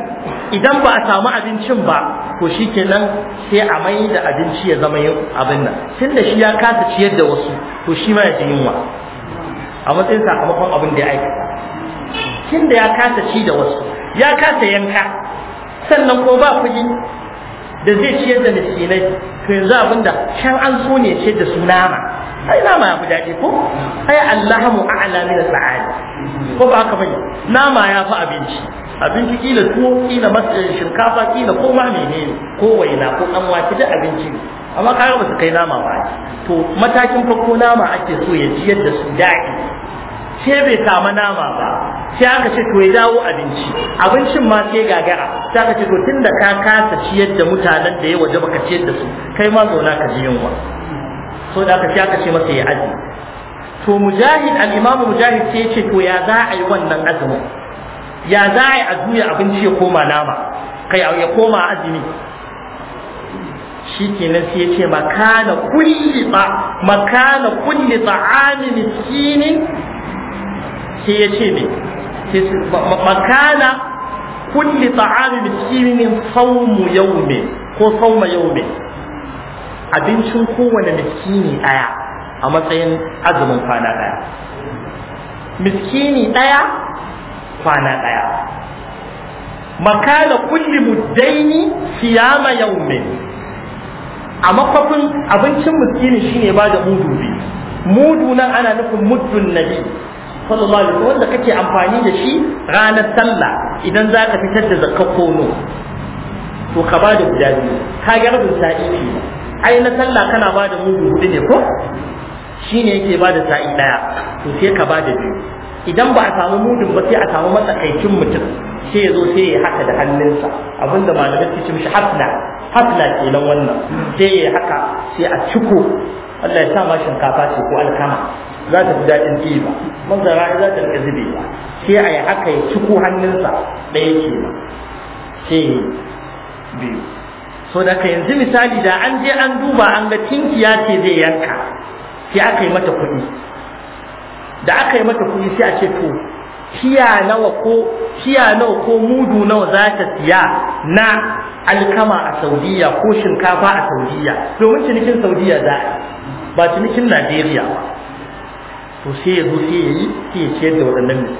idan ba a samu abincin ba to shi ke nan sai a mai da abinci ya zama yin abin nan tun da shi ya kasa ciyar da wasu to shi ma ya ji yunwa a matsayin sakamakon abin da ya aiki. tun da ya kasa ci da wasu ya kasa yanka sannan ko ba kuɗi da zai ciyar da miskinai to yanzu abinda shan an so ne ciyar da su nama ai nama ya fi daɗi ko ai allahamu a'la min sa'ali ko ba haka bane nama ya fi abinci abinci kila tuwo kila eh, shinkafa kila ko ma menene ko waina ko dan wake da abinci ne amma kaga ba su kai nama ba to matakin farko nama ake so ya ciyar da su daɗi sai bai samu nama ba sai aka ce to ya dawo abinci abincin ma sai gagara sai aka ce to tunda ka kasa ciyar da mutanen da ya waje baka ciyar da su kai ma zauna ka ji yunwa so da aka sai aka ce masa ya aji to mujahid al-imamu mujahid sai ya ce to ya za a yi wannan azumin ya za a yi a juya abinci ya koma nama kai ya koma azumi shi kenan sai ya ce makana kulli ba makana kulli ta'ami miskinin sai ya ce ne makana kulli ta'ami miskinin saumu yaume ko sauma yaume abincin kowane miskini daya a matsayin azumin kwana daya miskini daya kwana daya makana kulli muddaini siyama yaume a makwafin abincin miskini shine ba da mudu biyu mudu nan ana nufin muddun nabi sallallahu alaihi wanda kake amfani da shi ranar sallah idan za ka fitar da zakka kono to ka bada guda biyu ka ga rabin sa'i ce ai na sallah kana bada mudu hudu ne ko shine yake bada sa'i daya to sai ka bada biyu idan ba a samu mudun ba sai a samu matsakaicin mutum sai ya zo sai ya haka da hannunsa abinda malamai su ce mishi hafla hafla kenan wannan sai ya haka sai a ciko Allah ya sa ma shinkafa ce ko alkama za ta fi daɗin ɗiba mazara za ta rika ba. sai a yi haka ya ciko hannunsa ɗaya ke ba sai biyu so da ka yanzu misali da an je an duba an ga tinkiya ce zai yanka sai aka yi mata kuɗi da aka yi mata kuɗi sai a ce to kiya nawa ko kiya nawa ko mudu nawa za ta siya na alkama a saudiya ko shinkafa a saudiya domin cinikin saudiya za a ba cinikin najeriya ba to sai ya zo sai ya yi sai ya ciyar da waɗannan miskinai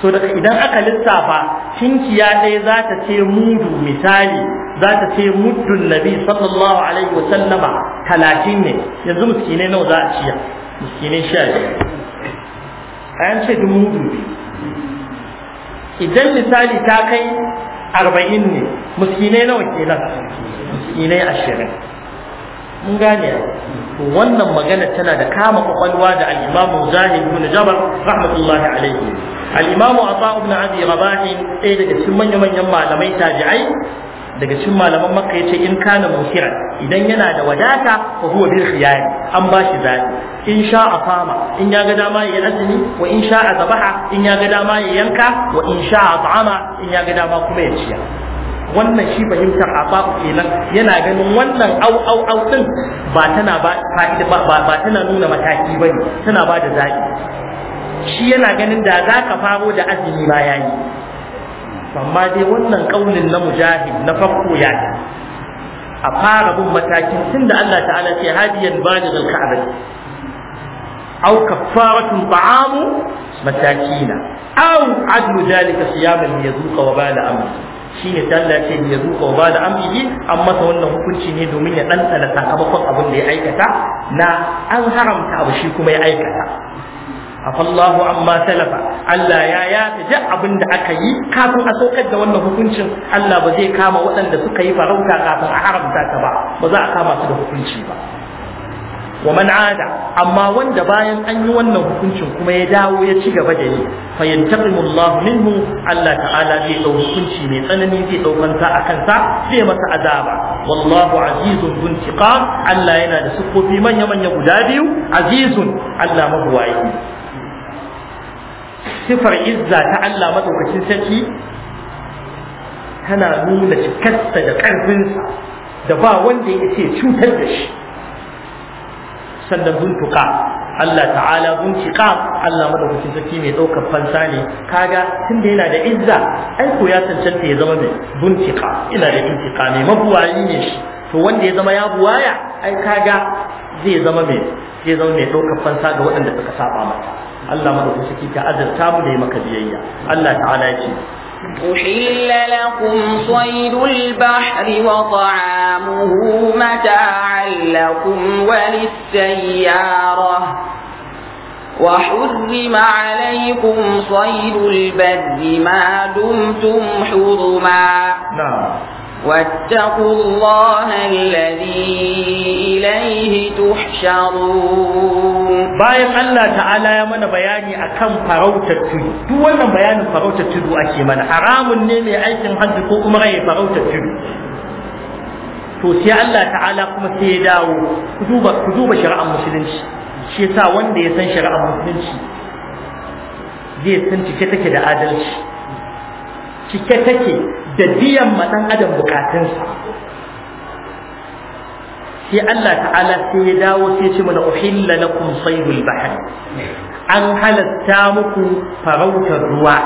so daga idan aka lissafa tinkiya ɗaya za ta ce mudu misali za ta ce muddun nabi sallallahu alaihi wa sallama talatin ne yanzu miskinai nawa za a ciya miskinai sha biyu a yan ce duk mudu idan misali ta kai arba'in ne miskinai nawa kenan miskinai ashirin mun gane to wannan magana tana da kama kwakwalwa da al-Imam Zahid ibn Jabr rahmatullahi alayhi al-Imam Atha ibn Abi Rabah ɗaya daga cikin manyan malamai tabi'ai daga cikin malaman Makka yace in kana mukiran idan yana da wadata fa huwa bil khiyar an ba shi in sha a fama in ya ga dama ya azumi wa in sha a zabaha in ya ga dama ya yanka wa in sha a in ya ga dama kuma ya ciya wannan shi fahimtar asabu kenan yana ganin wannan au au au din ba tana ba ba tana nuna mataki bane tana ba da shi yana ganin da za ka faro da azumi ma yayi amma dai wannan kaulin na mujahid na farko ya a fara bin matakin tunda Allah ta'ala ce hadiyan baligh da kabah aw kaffaratun ta'amu matakina aw adlu dhalika siyaman yadhuqa wa bala amri Shi ne Allah ya ce ya zuka ba da amrihi an masa wannan hukunci ne domin ya ɗanɗana sakamakon abin da ya aikata na an haramta abu shi kuma ya aikata afallahu amma salafa Allah ya ya ji abin da aka yi kafin a saukar da wannan hukuncin Allah ba zai kama waɗanda suka yi farauta kafin a haramta ta ba ba za a kama su da hukunci ba wa man ada amma wanda bayan an yi wannan hukuncin kuma ya dawo ya ci gaba da yi fa yantaqimu Allah minhu Allah ta'ala zai dau hukunci mai tsanani zai daukan a kansa zai masa azaba wallahu azizun dun tiqam Allah yana da sukofi manya manya guda biyu azizun Allah mabuwayi sifar izza ta Allah madaukakin sarki tana nuna cikarsa da karfinsa da ba wanda ya ce cutar da shi sannan zuntuka Allah ta'ala bincika Allah madaukakin sarki mai daukar fansa ne kaga tunda yana da izza ai ko ya cancanta ya zama mai bincika ina da bincika mai mabuwayi ne shi to wanda ya zama ya buwaya ai kaga zai zama mai zai zama mai daukar fansa ga waɗanda suka saba mata Allah madaukakin sarki ta azurta mu da maka biyayya Allah ta'ala ya ce أحل لكم صيد البحر وطعامه متاعا لكم وللسيارة وحرم عليكم صيد البر ما دمتم حرما نعم واتقوا الله الذي إليه تحشرون bayan Allah ta'ala ya mana bayani akan farautar tudu duk wannan bayanin farautar tudu ake mana haramun ne mai aikin hajji ko kuma rai farautar tudu to sai Allah kuma sai ya dawo ku duba shari'ar musulunci shi yasa wanda ya san shari'ar musulunci zai san cike take da adalci cike take da biyan matsan adam bukatunsa sai Allah ta'ala sai ya dawo sai ce mana uhilla lakum saydul bahr an halatta muku farautar ruwa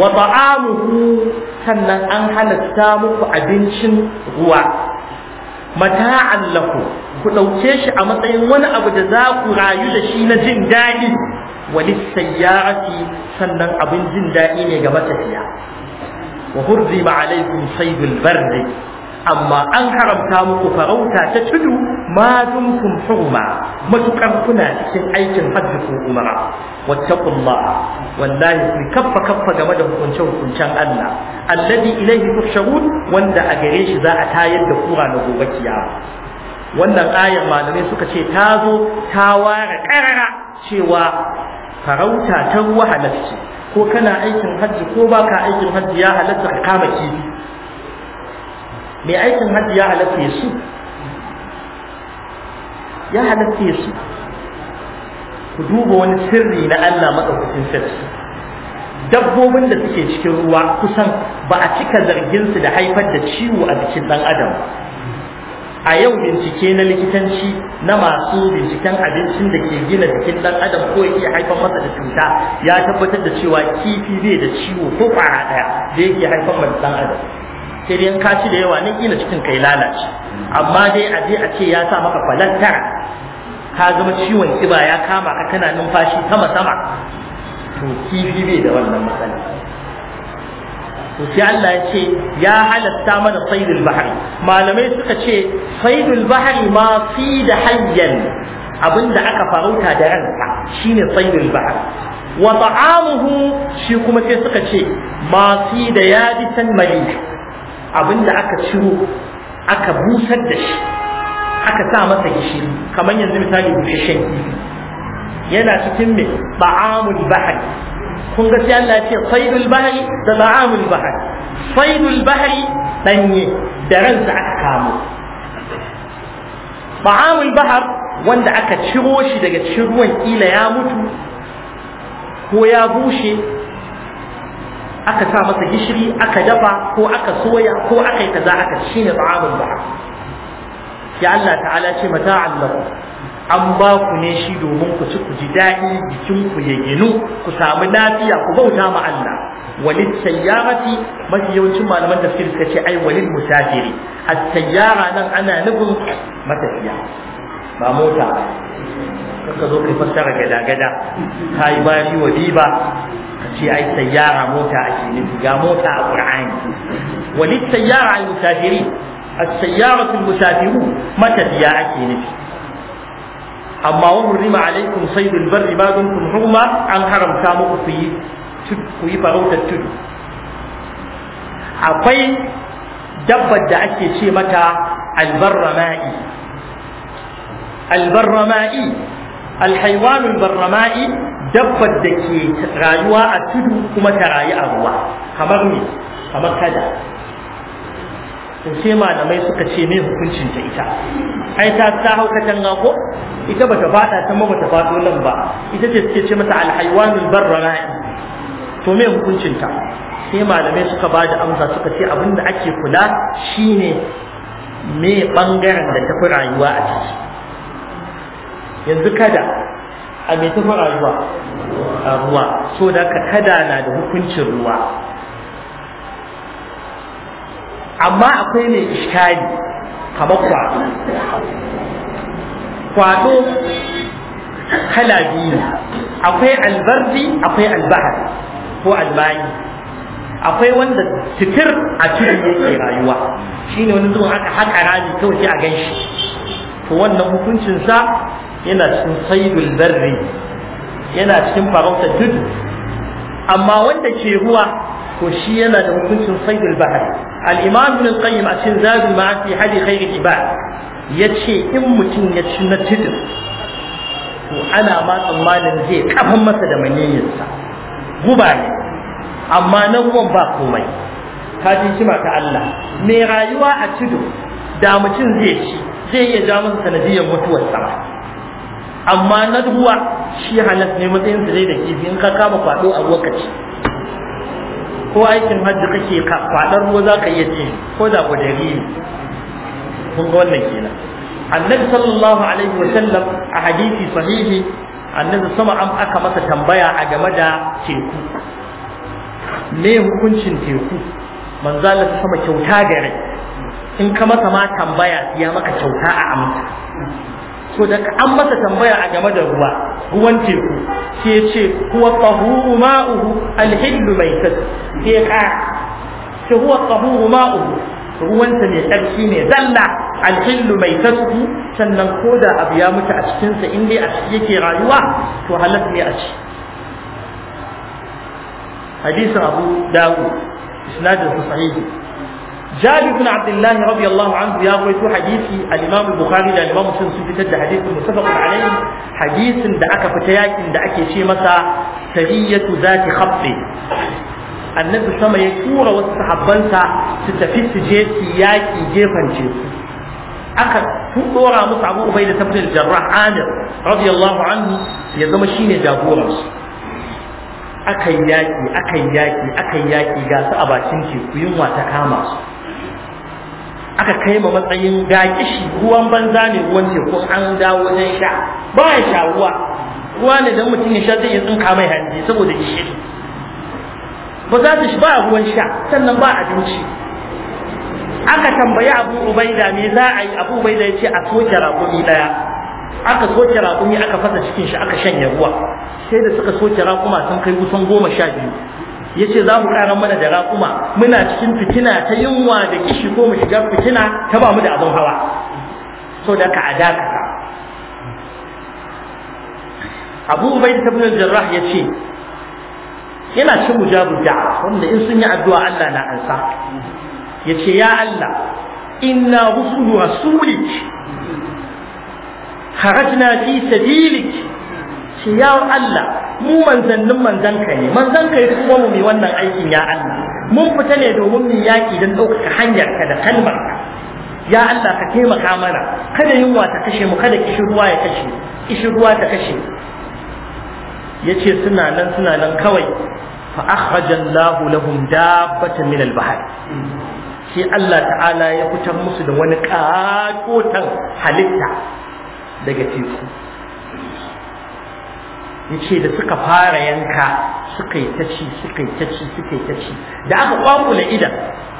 wa ta'amuhu sannan an halatta muku abincin ruwa mata'an lakum ku dauke shi a matsayin wani abu da za ku rayu da shi na jin daɗi walisayyati sannan abin jin daɗi ne ga matafiya wa hurzima alaikum saydul barri amma an haramta muku farauta ta tudu ma dumtum hurma matukar kuna cikin aikin hajji ko umara wattaqullah wallahi ku kaffa kaffa game da hukuncen hukuncen Allah alladhi ilayhi tuhsharun wanda a gare shi za a tayar da kura na gobe kiyama wannan ayar malamai suka ce ta zo ta ware karara cewa farauta ta ruwa halarci ko kana aikin hajji ko baka aikin hajji ya halatta ka kama kifi mai aikin hajji ya halatta su ya halatta su ku duba wani sirri na Allah maɗaukakin sarki dabbobin da suke cikin ruwa kusan ba a cika zargin su da haifar da ciwo a jikin ɗan adam a yau bincike na likitanci na masu binciken abincin da ke gina jikin dan adam ko yake haifar masa da cuta ya tabbatar da cewa kifi bai da ciwo ko kwara daya da yake haifar masa dan adam sai dai ka ci da yawa na gina cikin kai lalace amma dai a je a ce ya sa maka kwalantar ka zama ciwon kiba ya kama ka kana numfashi sama sama to kifi bai da wannan matsala to sai Allah ya ce ya halatta mana saidul bahari malamai suka ce saidul bahari ma fi da hayyan abinda aka farauta da ranka shine saidul bahari wa ta'amuhu shi kuma sai suka ce ma fi da yabisan mali abinda aka ciro aka busar da shi aka sa masa gishiri kamar yanzu misali bushashen kifi yana cikin me ba'amul bahari kun ga sai Allah ya ce saidul bahri da ta'amul bahri saidul bahri danye da ransa aka kamo ta'amul bahar wanda aka ciro shi daga cikin ruwan kila ya mutu ko ya bushe aka sa masa gishiri aka dafa ko aka soya ko aka yi kaza aka shine ta'amul bahar ya Allah ta'ala ce mata'an lahu an ba ku ne shi domin ku ku ji daɗi jikin ku ya ginu ku samu lafiya ku bauta ma Allah walid sayyarati mafi yawancin malaman tafsir suka ce ai walid musafiri at-sayyara nan ana nufin matafiya ba mota kaka zo kai fassara gada gada ta yi bayan wa diba ka ce ai sayyara mota ake nufi ga mota a qur'ani walid sayyara al-musafiri as-sayyaratu al-musafirun matafiya ake nufi amma wa hurrima alaikum saydul barri ma dumtum hurma an haramta muku ku yi ku yi farautar tudu akwai dabbar da ake ce mata albarrama'i albarrama'i alhaiwanul barrama'i dabbar da ke rayuwa a tudu kuma ta rayu a ruwa kamar me kamar kada to sai malamai suka ce mai hukuncin ta ita ai ta ta haukatan ko ita bata fada ta ma bata fado nan ba ita ce suke ce mata alhaywanul barra'i to mai hukuncin ta sai malamai suka ba da amsa suka ce abinda ake kula shine me bangaren da tafi rayuwa a ciki yanzu kada a me tafi rayuwa a ruwa so da ka kada na da hukuncin ruwa amma akwai mai iskari kamar kwaɗo kwaɗo kala biyu akwai albardi akwai albahar ko albani akwai wanda titir a cikin yake rayuwa ne wani zuwa aka haƙa rami kawai sai a gan shi to wannan hukuncinsa yana cikin saidul barri yana cikin farauta duk amma wanda ke ruwa to shi yana da hukuncin saidul bahari al-imam ibn qayyim a cikin zadul ma'ad fi hadi khairul ibad yace in mutum ya ci na tudun ana ma tsammanin zai kafan masa da maniyinsa guba ne amma na ruwan ba komai ka ji kima ta Allah mai rayuwa a tudu da mutum zai ci zai iya ja sanadiyar mutuwar sama amma na ruwa shi halas ne matsayin sa da kifi in ka kama kwado a lokaci ko aikin hajji kake kwaɗar ruwa za ka iya ce ko da ku ne. kun ga wannan kenan annabi sallallahu alaihi wa sallam a hadisi sahihi annabi sama an aka masa tambaya a game da teku me hukuncin teku manzo Allah sama kyauta gare in ka masa ma tambaya ya maka kyauta a amsa to da an masa tambaya a game da ruwa ruwan teku sai ce huwa tahuru ma'uhu mai maitat sai ka ce huwa tahuru ma'uhu ruwansa mai tsarki ne zalla alhillu mai tasku sannan ko da abu ya mutu a cikinsa in dai a ciki yake rayuwa to halas ne a ci hadisin abu dawo isnadin su sahihi jabir bin abdullah radiyallahu ya rawaito hadisi al-imam bukhari da al-imam muslim sun fitar da hadisin mutafaqun alayhi hadisin da aka fita yakin da ake ce masa sariyatu zati khabbi annabi sama ya tura wasu sahabbansa su tafi su je su yaki gefen teku aka dora musu abu ubai da tafsir jarrah amir radiyallahu anhu ya zama shine jagoransu akan yaki yaƙi, yaki akan yaki ga su a bakin teku yunwa ta kama aka kai ma matsayin ga ruwan banza ne ruwan teku an dawo wajen sha ba ya sha ruwa ruwa ne don mutum ya sha zai iya tsinka mai hanji saboda gishiri ba za su ba ruwan sha sannan ba abinci aka tambayi abu ubaida me za a yi abu ubaida ya ce a soke rakumi daya aka soke rakumi aka fasa cikin shi aka shanye ruwa sai da suka soke rakuma sun kai kusan goma sha biyu yace za mu ƙara mana da raƙuma muna cikin fitina ta yunwa da kishi ko mu shiga fitina ta ba mu da abin hawa so da ka adaka Abu Ubayd ibn al-Jarrah yace yana cin mujabu da wanda in sun yi addu'a Allah na ansa yace ya Allah inna rusulu rasulik kharajna fi sabilik ce ya Allah mu manzannin manzanka ne manzanka ya kuma mu mai wannan aikin ya Allah mun fita ne domin mu yaki don ɗaukaka ka da ka ya Allah ka taimaka mana kada yunwa ta kashe mu kada kishirwa ya kashe kishirwa ta kashe yace suna nan suna nan kawai fa akhraja lahu lahum dabbatan min al-bahr shi Allah ta'ala ya fitar musu da wani katotan halitta daga teku yace da suka fara yanka suka yi ta ci suka yi ta ci suka yi ta ci da aka kwakula idan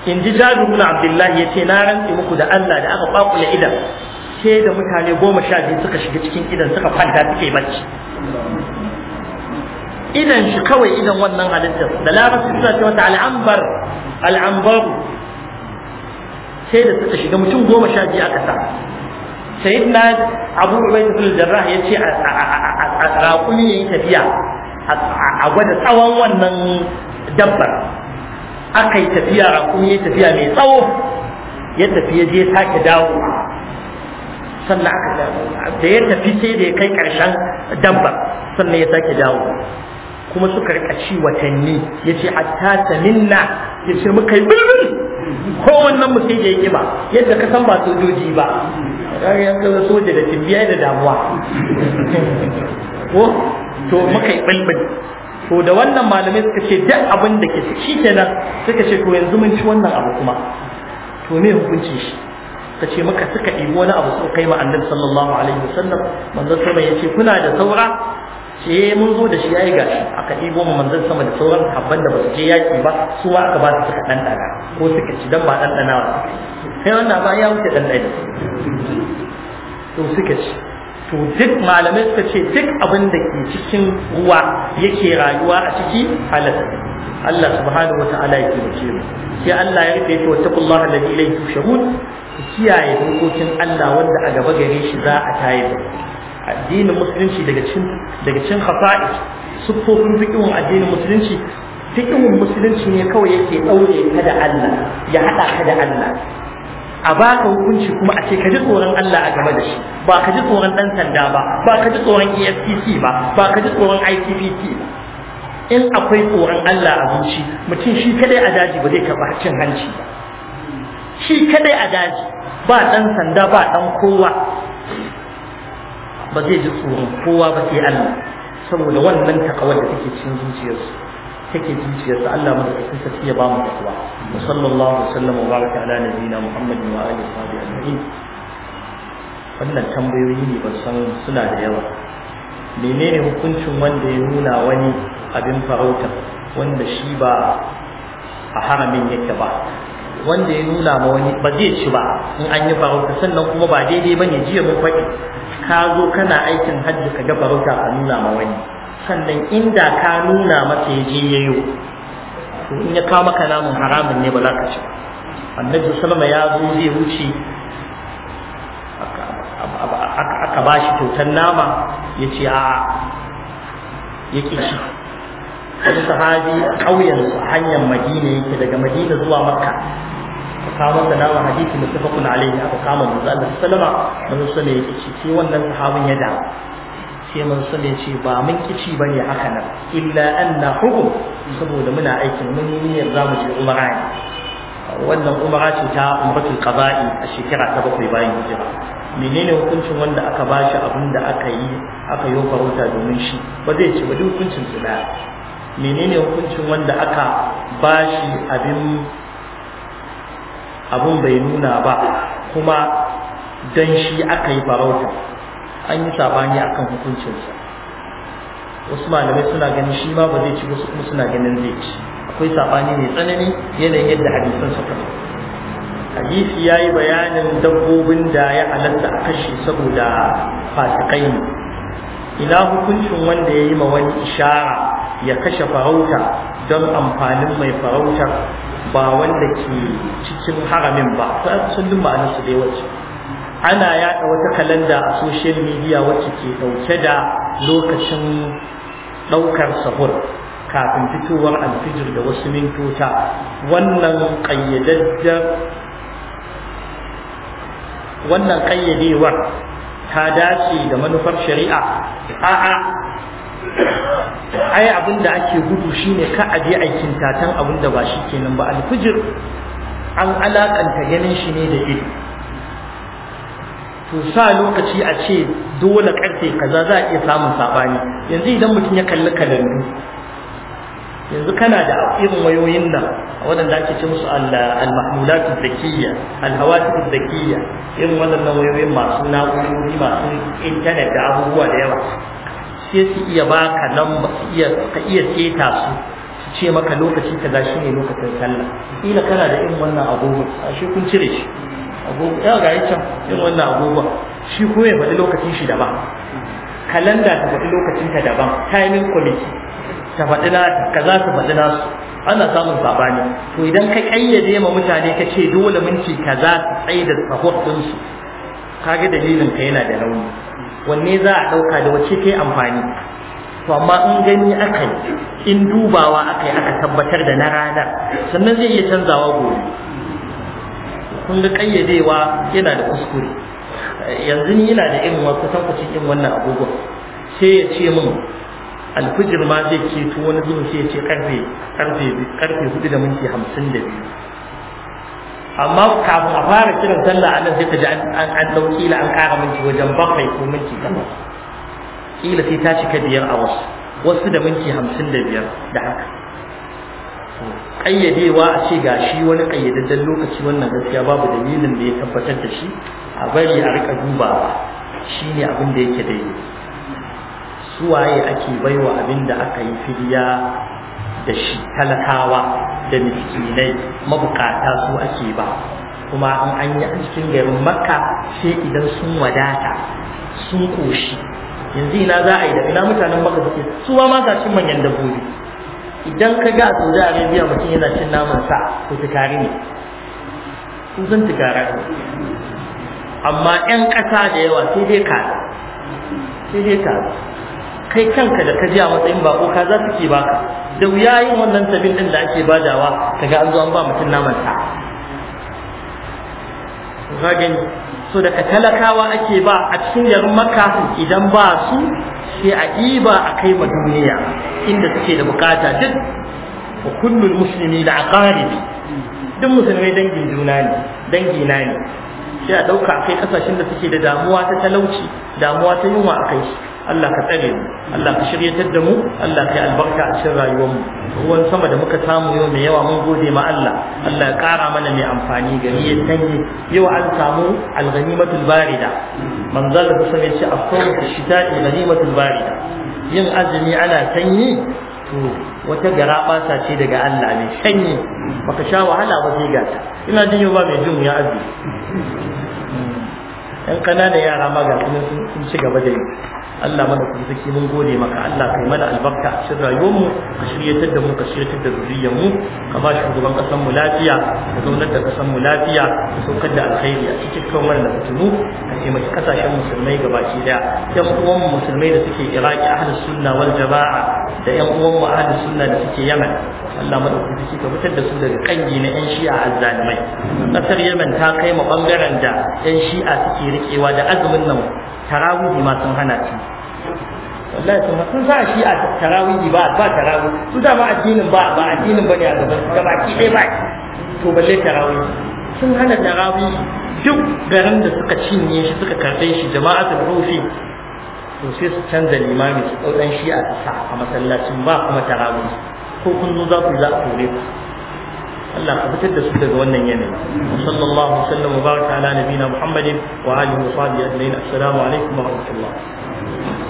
in ji jabiru na abdullahi yace na rantse muku da Allah da aka kwakula idan sai da mutane goma sha biyu suka shiga cikin idan suka kwanta suka yi bacci idan shi kawai idan wannan halittar da larabci suna ce mata al'ambar al'ambaru sai da suka shiga mutum goma sha biyu aka sa sayyidina abu ubaidatul jarrah ya ce a raƙumi ya yi tafiya a gwada tsawon wannan dabbar aka yi tafiya raƙumi ya tafiya mai tsawo ya tafi ya je sake dawo sannan aka da ya tafi sai da ya kai ƙarshen dabbar sannan ya sake dawo kuma suka rika ci watanni ya ce "A ta minna ya ce muka yi bilbil ko wannan mu sai da ya ba yadda ka san ba sojoji ba kaga yan kaza soja da timbiya da damuwa ko to muka yi bulbul to da wannan malamai suka ce duk abin da ke ciki kenan suka ce to yanzu mun ci wannan abu kuma to me hukunci shi ta ce maka suka ɗibi wani abu su kai ma annabi sallallahu alaihi wasallam manzon sama yace kuna da saura ce mun zo da shi ya yi gashi aka ɗibo mu manzan sama da sauran habban da basu je yaki ba su ba aka ba su suka ɗanɗana ko suka ci don ba ɗanɗana ba sai wannan ba ya wuce ɗanɗana to suka ci to duk malamai suka ce duk abin da ke cikin ruwa yake rayuwa a ciki halal Allah subhanahu wa ta'ala ya ce mu sai Allah ya rufe wa taqullaha alladhi ilayhi tushurun kiyaye dokokin Allah wanda a gaba gare shi za a tayar da addinin musulunci daga cin daga cin khasa'i sufofin fiqhun addinin musulunci fiqhun musulunci ne kawai yake daure ka da Allah ya hada ka da Allah a baka hukunci kuma a ce ka ji tsoron Allah a game da shi ba ka ji tsoron dan sanda ba ba ka ji tsoron EFCC ba ba ka ji tsoron ICPT ba in akwai tsoron Allah a zuci mutum shi kadai a daji ba zai karɓi cin hanci ba shi kadai a daji ba dan sanda ba dan kowa ba zai ji tsoron kowa ba sai Allah saboda wannan takawar da take cikin zuciyarsu take zuciyarsu Allah mu da sarki ya ba mu takwa sallallahu alaihi wasallam wa baraka ala nabiyina muhammadin wa alihi wa sahbihi ajma'in wannan tambayoyi ne ban san suna da yawa menene hukuncin wanda ya nuna wani abin farauta wanda shi ba a haramin yake ba wanda ya nuna ma wani ba zai ci ba in an yi farauta sannan kuma ba daidai ba ne jiya mun faɗi ka zo kana aikin hajji ka ga farauta a nuna ma wani sannan inda ka nuna masa ya je ya yi. to in ya kawo maka namun haramun ne ba za ka ci annabi salama ya zo zai wuce aka ba shi kyautar nama ya ce a ya ƙi shi wani sahabi a ƙauyensu hanyar madina yake daga madina zuwa makka kama da nawa hadisi mutafakun alaihi aka kama manzo Allah sallama manzo sallallahu alaihi ci, sai wannan sahabin ya da sai manzo sallallahu alaihi ce ba mun kici bane haka nan illa anna hukum saboda muna aikin mun niyyar zamu je umara ne wannan umara ce ta umratul qada'i a shekara ta bakwai bayan hijira menene hukuncin wanda aka bashi abin da aka yi aka yi farauta domin shi ba zai ci ba duk hukuncin su daya menene hukuncin wanda aka bashi abin abun bai nuna ba kuma dan shi aka yi farauta an yi sabani akan hukuncinsa wasu malamai suna ganin shi ma ba zai ci wasu kuma suna ganin zai ci akwai sabani mai tsanani yanayin yadda hadisan suka hadisi ya yi bayanin dabbobin da ya halatta a kashe saboda fasikai ne ina hukuncin wanda ya yi ma wani ishara ya kashe farauta don amfanin mai farautar ba wanda ke cikin haramin ba sallin ma'anar su dai wacce ana yada wata kalanda a social media wacce ke dauke da lokacin daukar sahur kafin fitowar alfijir da wasu mintota wannan ƙayyadewar wannan kayyadewar ta dace da manufar shari'a a'a ai abin da ake gudu shine ka a je aikin tatan abin da ba shi kenan ba alfujir an alakanta ganin shi ne da ido to sa lokaci a ce dole karfe kaza za a iya samun sabani yanzu idan mutum ya kalli kalandu yanzu kana da irin wayoyin nan waɗanda ake ce musu al-mahmulatu zakiyya al-hawatu zakiyya irin waɗannan wayoyin masu na'urori masu intanet da abubuwa da yawa sai su iya baka nan ka iya seta su su ce maka lokaci za shi ne lokacin sallah kila kana da irin wannan agogo shi kun cire shi agogo ya ga can, irin wannan agogo shi ko ya faɗi lokacin shi daban kalanda ta faɗi lokacin ta daban timing committee ta faɗi ka za ta faɗi nasu ana samun sabani to idan ka kayyade ma mutane ka ce dole minti kaza su tsaye da sahur ɗinsu kaga dalilin ka yana da rauni wanne za a ɗauka da wace kai amfani to amma in gani aka in dubawa aka yi aka tabbatar da na rana. sannan zai iya canzawa gobe kun ga ƙayyadewa yana da kuskure yanzu ni yana da irin wasu tabbacin irin wannan agogon sai ya ce min alfijir ma zai ce tuwon wani zuwa sai ya ce karfe da minti hamsin da biyu amma kafin a fara kiran sallah anan sai ka ji an ɗauki la an ƙara minti wajen bakwai ko minti takwas kila sai ta cika biyar a wasu wasu da minti hamsin da biyar da haka ƙayyadewa a ce ga shi wani ƙayyadadden lokaci wannan gaskiya babu dalilin da ya tabbatar da shi a bari a rika duba shi ne abin da yake daidai suwaye ake baiwa abin da aka yi fidiya da shi talakawa da miskinai mabukata su ake ba kuma in an yi cikin garin makka sai idan sun wadata sun koshi yanzu ina za a yi da ina mutanen makka suke su ma sa cin manyan dabbobi idan ka ga a saudi arabia mutum yana cin naman sa ko tukari ne su san tukara ne amma 'yan ƙasa da yawa sai dai ka sai dai ka kai kanka da ka ji a matsayin bako ka za su ke baka da wuya yin wannan sabin din da ake badawa ga an zo an ba mutum naman ta gani so daga talakawa ake ba a cikin yarin maka idan ba su sai a ɗiba a kai ma duniya inda suke da bukata duk wa kullum musulmi da aqaribi duk musulmai dangin juna ne dangi na ne sai a ɗauka a kai ƙasashen da suke da damuwa ta talauci damuwa ta yunwa a kai shi Allah ka tsare mu Allah ka shiryatar da mu Allah ka yi albarka a cikin rayuwar mu ruwan sama da muka samu yau mai yawa mun gode ma Allah Allah ya kara mana mai amfani gari ya sanye yau an samu alghanimatul barida manzal da kusa ne ce afkawu shita'i ghanimatul barida yin azumi ana sanyi to wata gara ce daga Allah ne sanyi baka sha wahala ba sai gata ina jin yau ba mai jin ya azumi yan ƙananan yara ma ga sun ci gaba da yi Allah mana ku saki mun gode maka Allah kai mana albarka a cikin ka shiryatar da mu ka shiryatar da zuriyar mu ka ba shugaban kasan mu lafiya ka zaunar da kasan mu lafiya ka saukar da alkhairi a cikin kan wannan fitinu ka taimaki kasashen musulmai gabaki daya yan uwan musulmai da suke iraki ahlus sunna wal jama'a da yan uwanmu mu ahlus sunna da suke yaman Allah ka fitar da su daga kangi na yan shi'a azzalimai kasar yaman ta kai mu bangaren da yan shi'a suke rikewa da azumin nan tarawihi ma sun hana ta wallahi sun sun sa shi a tarawihi ba ba tarawih su da ba addinin ba ba addinin bane a gaban su baki ki dai ba to balle tarawih sun hana tarawih duk garin da suka cinye shi suka karbe shi jama'atul rufi to sai su canza limami su ɗau dan shi a sa a masallacin ba kuma tarawih ko kun zo za ku za a kore ku Allah ka fitar da su daga wannan yanayi sallallahu alaihi wasallam wa baraka ala nabiyina muhammadin wa alihi wa sahbihi ajma'in assalamu alaikum wa rahmatullah